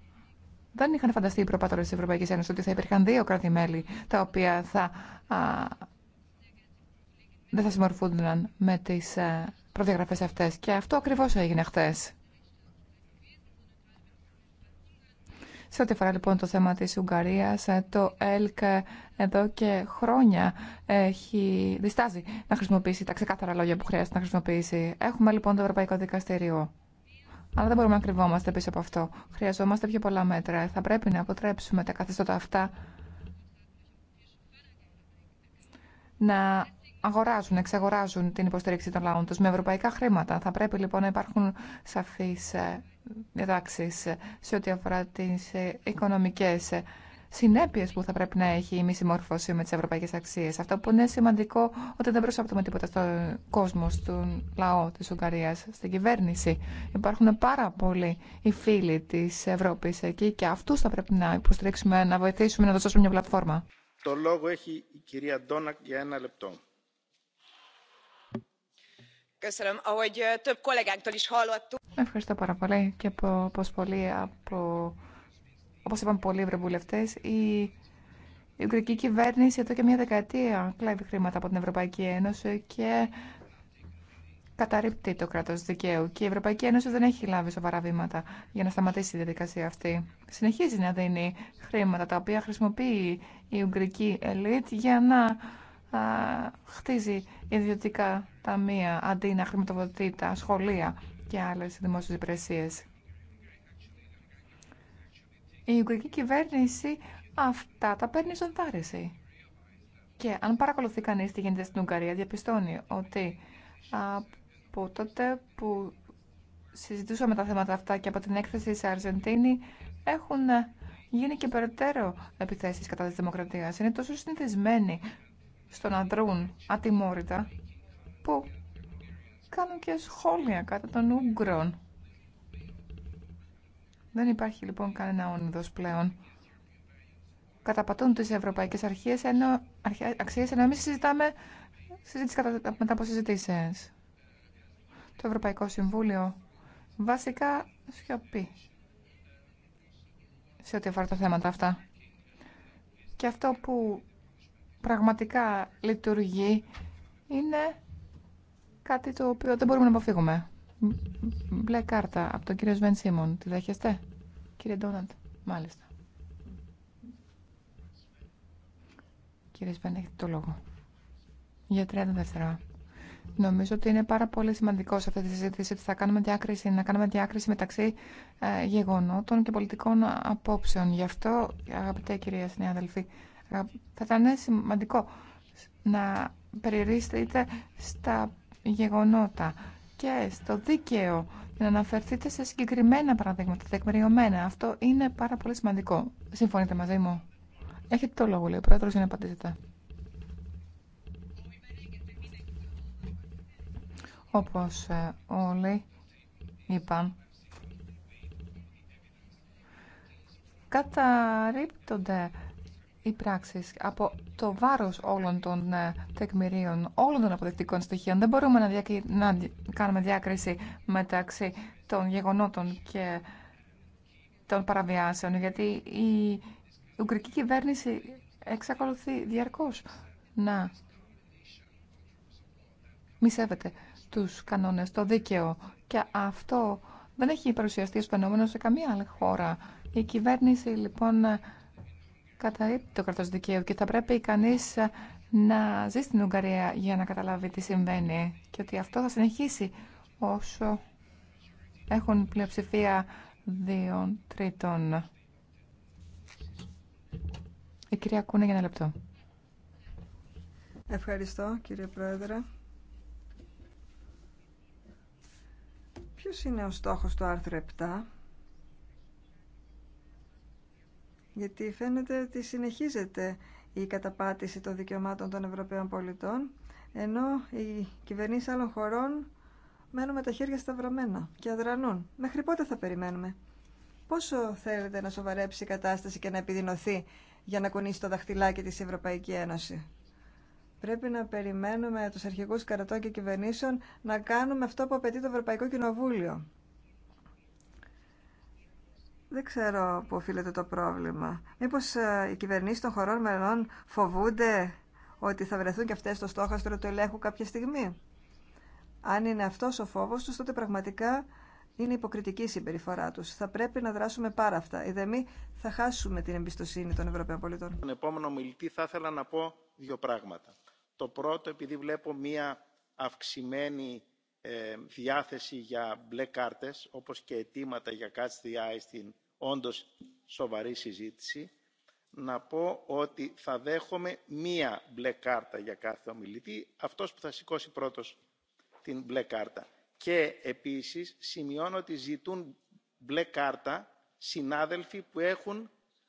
δεν είχαν φανταστεί οι προπάτορε τη Ευρωπαϊκή Ένωση ότι θα υπήρχαν δύο κράτη-μέλη τα οποία θα, δεν θα συμμορφούνταν με τι ε, προδιαγραφέ αυτέ. Και αυτό ακριβώ έγινε χθε. Σε ό,τι αφορά λοιπόν το θέμα της Ουγγαρίας, ε, το ΕΛΚ ε, εδώ και χρόνια έχει διστάζει να χρησιμοποιήσει τα ξεκάθαρα λόγια που χρειάζεται να χρησιμοποιήσει. Έχουμε λοιπόν το Ευρωπαϊκό Δικαστήριο αλλά δεν μπορούμε να κρυβόμαστε πίσω από αυτό. Χρειαζόμαστε πιο πολλά μέτρα. Θα πρέπει να αποτρέψουμε τα καθεστώτα αυτά να αγοράζουν, εξαγοράζουν την υποστήριξη των λαών τους με ευρωπαϊκά χρήματα. Θα πρέπει λοιπόν να υπάρχουν σαφείς ε, διατάξεις σε ό,τι αφορά τις ε, οικονομικές ε, συνέπειε που θα πρέπει να έχει η μη συμμόρφωση με τι ευρωπαϊκέ αξίε. Αυτό που είναι σημαντικό ότι δεν προσάπτουμε τίποτα στον κόσμο, στον λαό τη Ουγγαρία, στην κυβέρνηση. Υπάρχουν πάρα πολλοί οι φίλοι τη Ευρώπη εκεί και αυτού θα πρέπει να υποστηρίξουμε, να βοηθήσουμε, να δώσουμε μια πλατφόρμα. Το λόγο ε, Ευχαριστώ πάρα πολύ και πως πολύ από Όπω είπαν πολλοί ευρωβουλευτέ, η, Ουγγρική κυβέρνηση εδώ και μια δεκαετία κλέβει χρήματα από την Ευρωπαϊκή Ένωση και καταρρύπτει το κράτο δικαίου και η Ευρωπαϊκή Ένωση δεν έχει λάβει σοβαρά βήματα για να σταματήσει τη διαδικασία αυτή. Συνεχίζει να δίνει χρήματα τα οποία χρησιμοποιεί η Ουγγρική ελίτ για να α, χτίζει ιδιωτικά ταμεία αντί να χρηματοδοτεί τα σχολεία και άλλε δημόσιε υπηρεσίε η Ουγγρική κυβέρνηση αυτά τα παίρνει στον Και αν παρακολουθεί κανεί τι γίνεται στην Ουγγαρία, διαπιστώνει ότι από τότε που συζητούσαμε τα θέματα αυτά και από την έκθεση σε Αργεντίνη έχουν γίνει και περαιτέρω επιθέσει κατά τη δημοκρατία. Είναι τόσο συνηθισμένοι στο να δρούν ατιμόρυτα που κάνουν και σχόλια κατά των Ούγγρων δεν υπάρχει λοιπόν κανένα όνειδος πλέον. Καταπατούν τις ευρωπαϊκές αρχές, ενώ, αξίες, ενώ εμείς συζητάμε συζήτηση κατά, μετά από συζητήσεις. Το Ευρωπαϊκό Συμβούλιο βασικά σιωπεί σε ό,τι αφορά τα θέματα αυτά. Και αυτό που πραγματικά λειτουργεί είναι κάτι το οποίο δεν μπορούμε να αποφύγουμε μπλε κάρτα από τον κύριο Σβέν Σίμον. Τη δέχεστε, κύριε Ντόναντ. Μάλιστα. Κύριε Σβέν, έχετε το λόγο. Για 30 δευτερά. Νομίζω ότι είναι πάρα πολύ σημαντικό σε αυτή τη συζήτηση ότι θα κάνουμε διάκριση, να κάνουμε διάκριση μεταξύ ε, γεγονότων και πολιτικών απόψεων. Γι' αυτό, αγαπητέ κυρία συνάδελφοι, θα ήταν σημαντικό να περιορίσετε στα γεγονότα και στο δίκαιο να αναφερθείτε σε συγκεκριμένα παραδείγματα, τεκμηριωμένα. Αυτό είναι πάρα πολύ σημαντικό. Συμφωνείτε μαζί μου. Έχετε το λόγο, λέει ο Πρόεδρος, για να απαντήσετε. Όπως ε, όλοι είπαν, καταρρύπτονται οι πράξεις από το βάρος όλων των ε, τεκμηρίων, όλων των αποδεκτικών στοιχείων. Δεν μπορούμε να, διακ κάνουμε διάκριση μεταξύ των γεγονότων και των παραβιάσεων, γιατί η Ουγγρική κυβέρνηση εξακολουθεί διαρκώς να μη σέβεται τους κανόνες, το δίκαιο και αυτό δεν έχει παρουσιαστεί ως φαινόμενο σε καμία άλλη χώρα. Η κυβέρνηση λοιπόν καταρρύπτει το κράτος δικαίου και θα πρέπει κανείς να ζει στην Ουγγαρία για να καταλάβει τι συμβαίνει και ότι αυτό θα συνεχίσει όσο έχουν πλειοψηφία δύο τρίτων. Η κυρία Κούνα για ένα λεπτό. Ευχαριστώ κύριε Πρόεδρε. Ποιος είναι ο στόχος του άρθρου 7 γιατί φαίνεται ότι συνεχίζεται η καταπάτηση των δικαιωμάτων των Ευρωπαίων πολιτών, ενώ οι κυβερνήσει άλλων χωρών μένουν με τα χέρια σταυρωμένα και αδρανούν. Μέχρι πότε θα περιμένουμε. Πόσο θέλετε να σοβαρέψει η κατάσταση και να επιδεινωθεί για να κουνήσει το δαχτυλάκι της Ευρωπαϊκή Ένωση. Πρέπει να περιμένουμε τους αρχηγούς κρατών και κυβερνήσεων να κάνουμε αυτό που απαιτεί το Ευρωπαϊκό Κοινοβούλιο. Δεν ξέρω που οφείλεται το πρόβλημα. Μήπως ε, οι κυβερνήσει των χωρών μελών φοβούνται ότι θα βρεθούν και αυτές στο στόχαστρο του ελέγχου κάποια στιγμή. Αν είναι αυτός ο φόβος του, τότε πραγματικά είναι υποκριτική η συμπεριφορά τους. Θα πρέπει να δράσουμε πάρα αυτά. Ιδεμή θα χάσουμε την εμπιστοσύνη των Ευρωπαίων πολιτών. Στον επόμενο μιλητή θα ήθελα να πω δύο πράγματα. Το πρώτο, επειδή βλέπω μία αυξημένη ε, διάθεση για μπλε κάρτες, όπως και αιτήματα για catch στην όντως σοβαρή συζήτηση, να πω ότι θα δέχομαι μία μπλε κάρτα για κάθε ομιλητή, αυτός που θα σηκώσει πρώτος την μπλε κάρτα. Και επίσης σημειώνω ότι ζητούν μπλε κάρτα συνάδελφοι που έχουν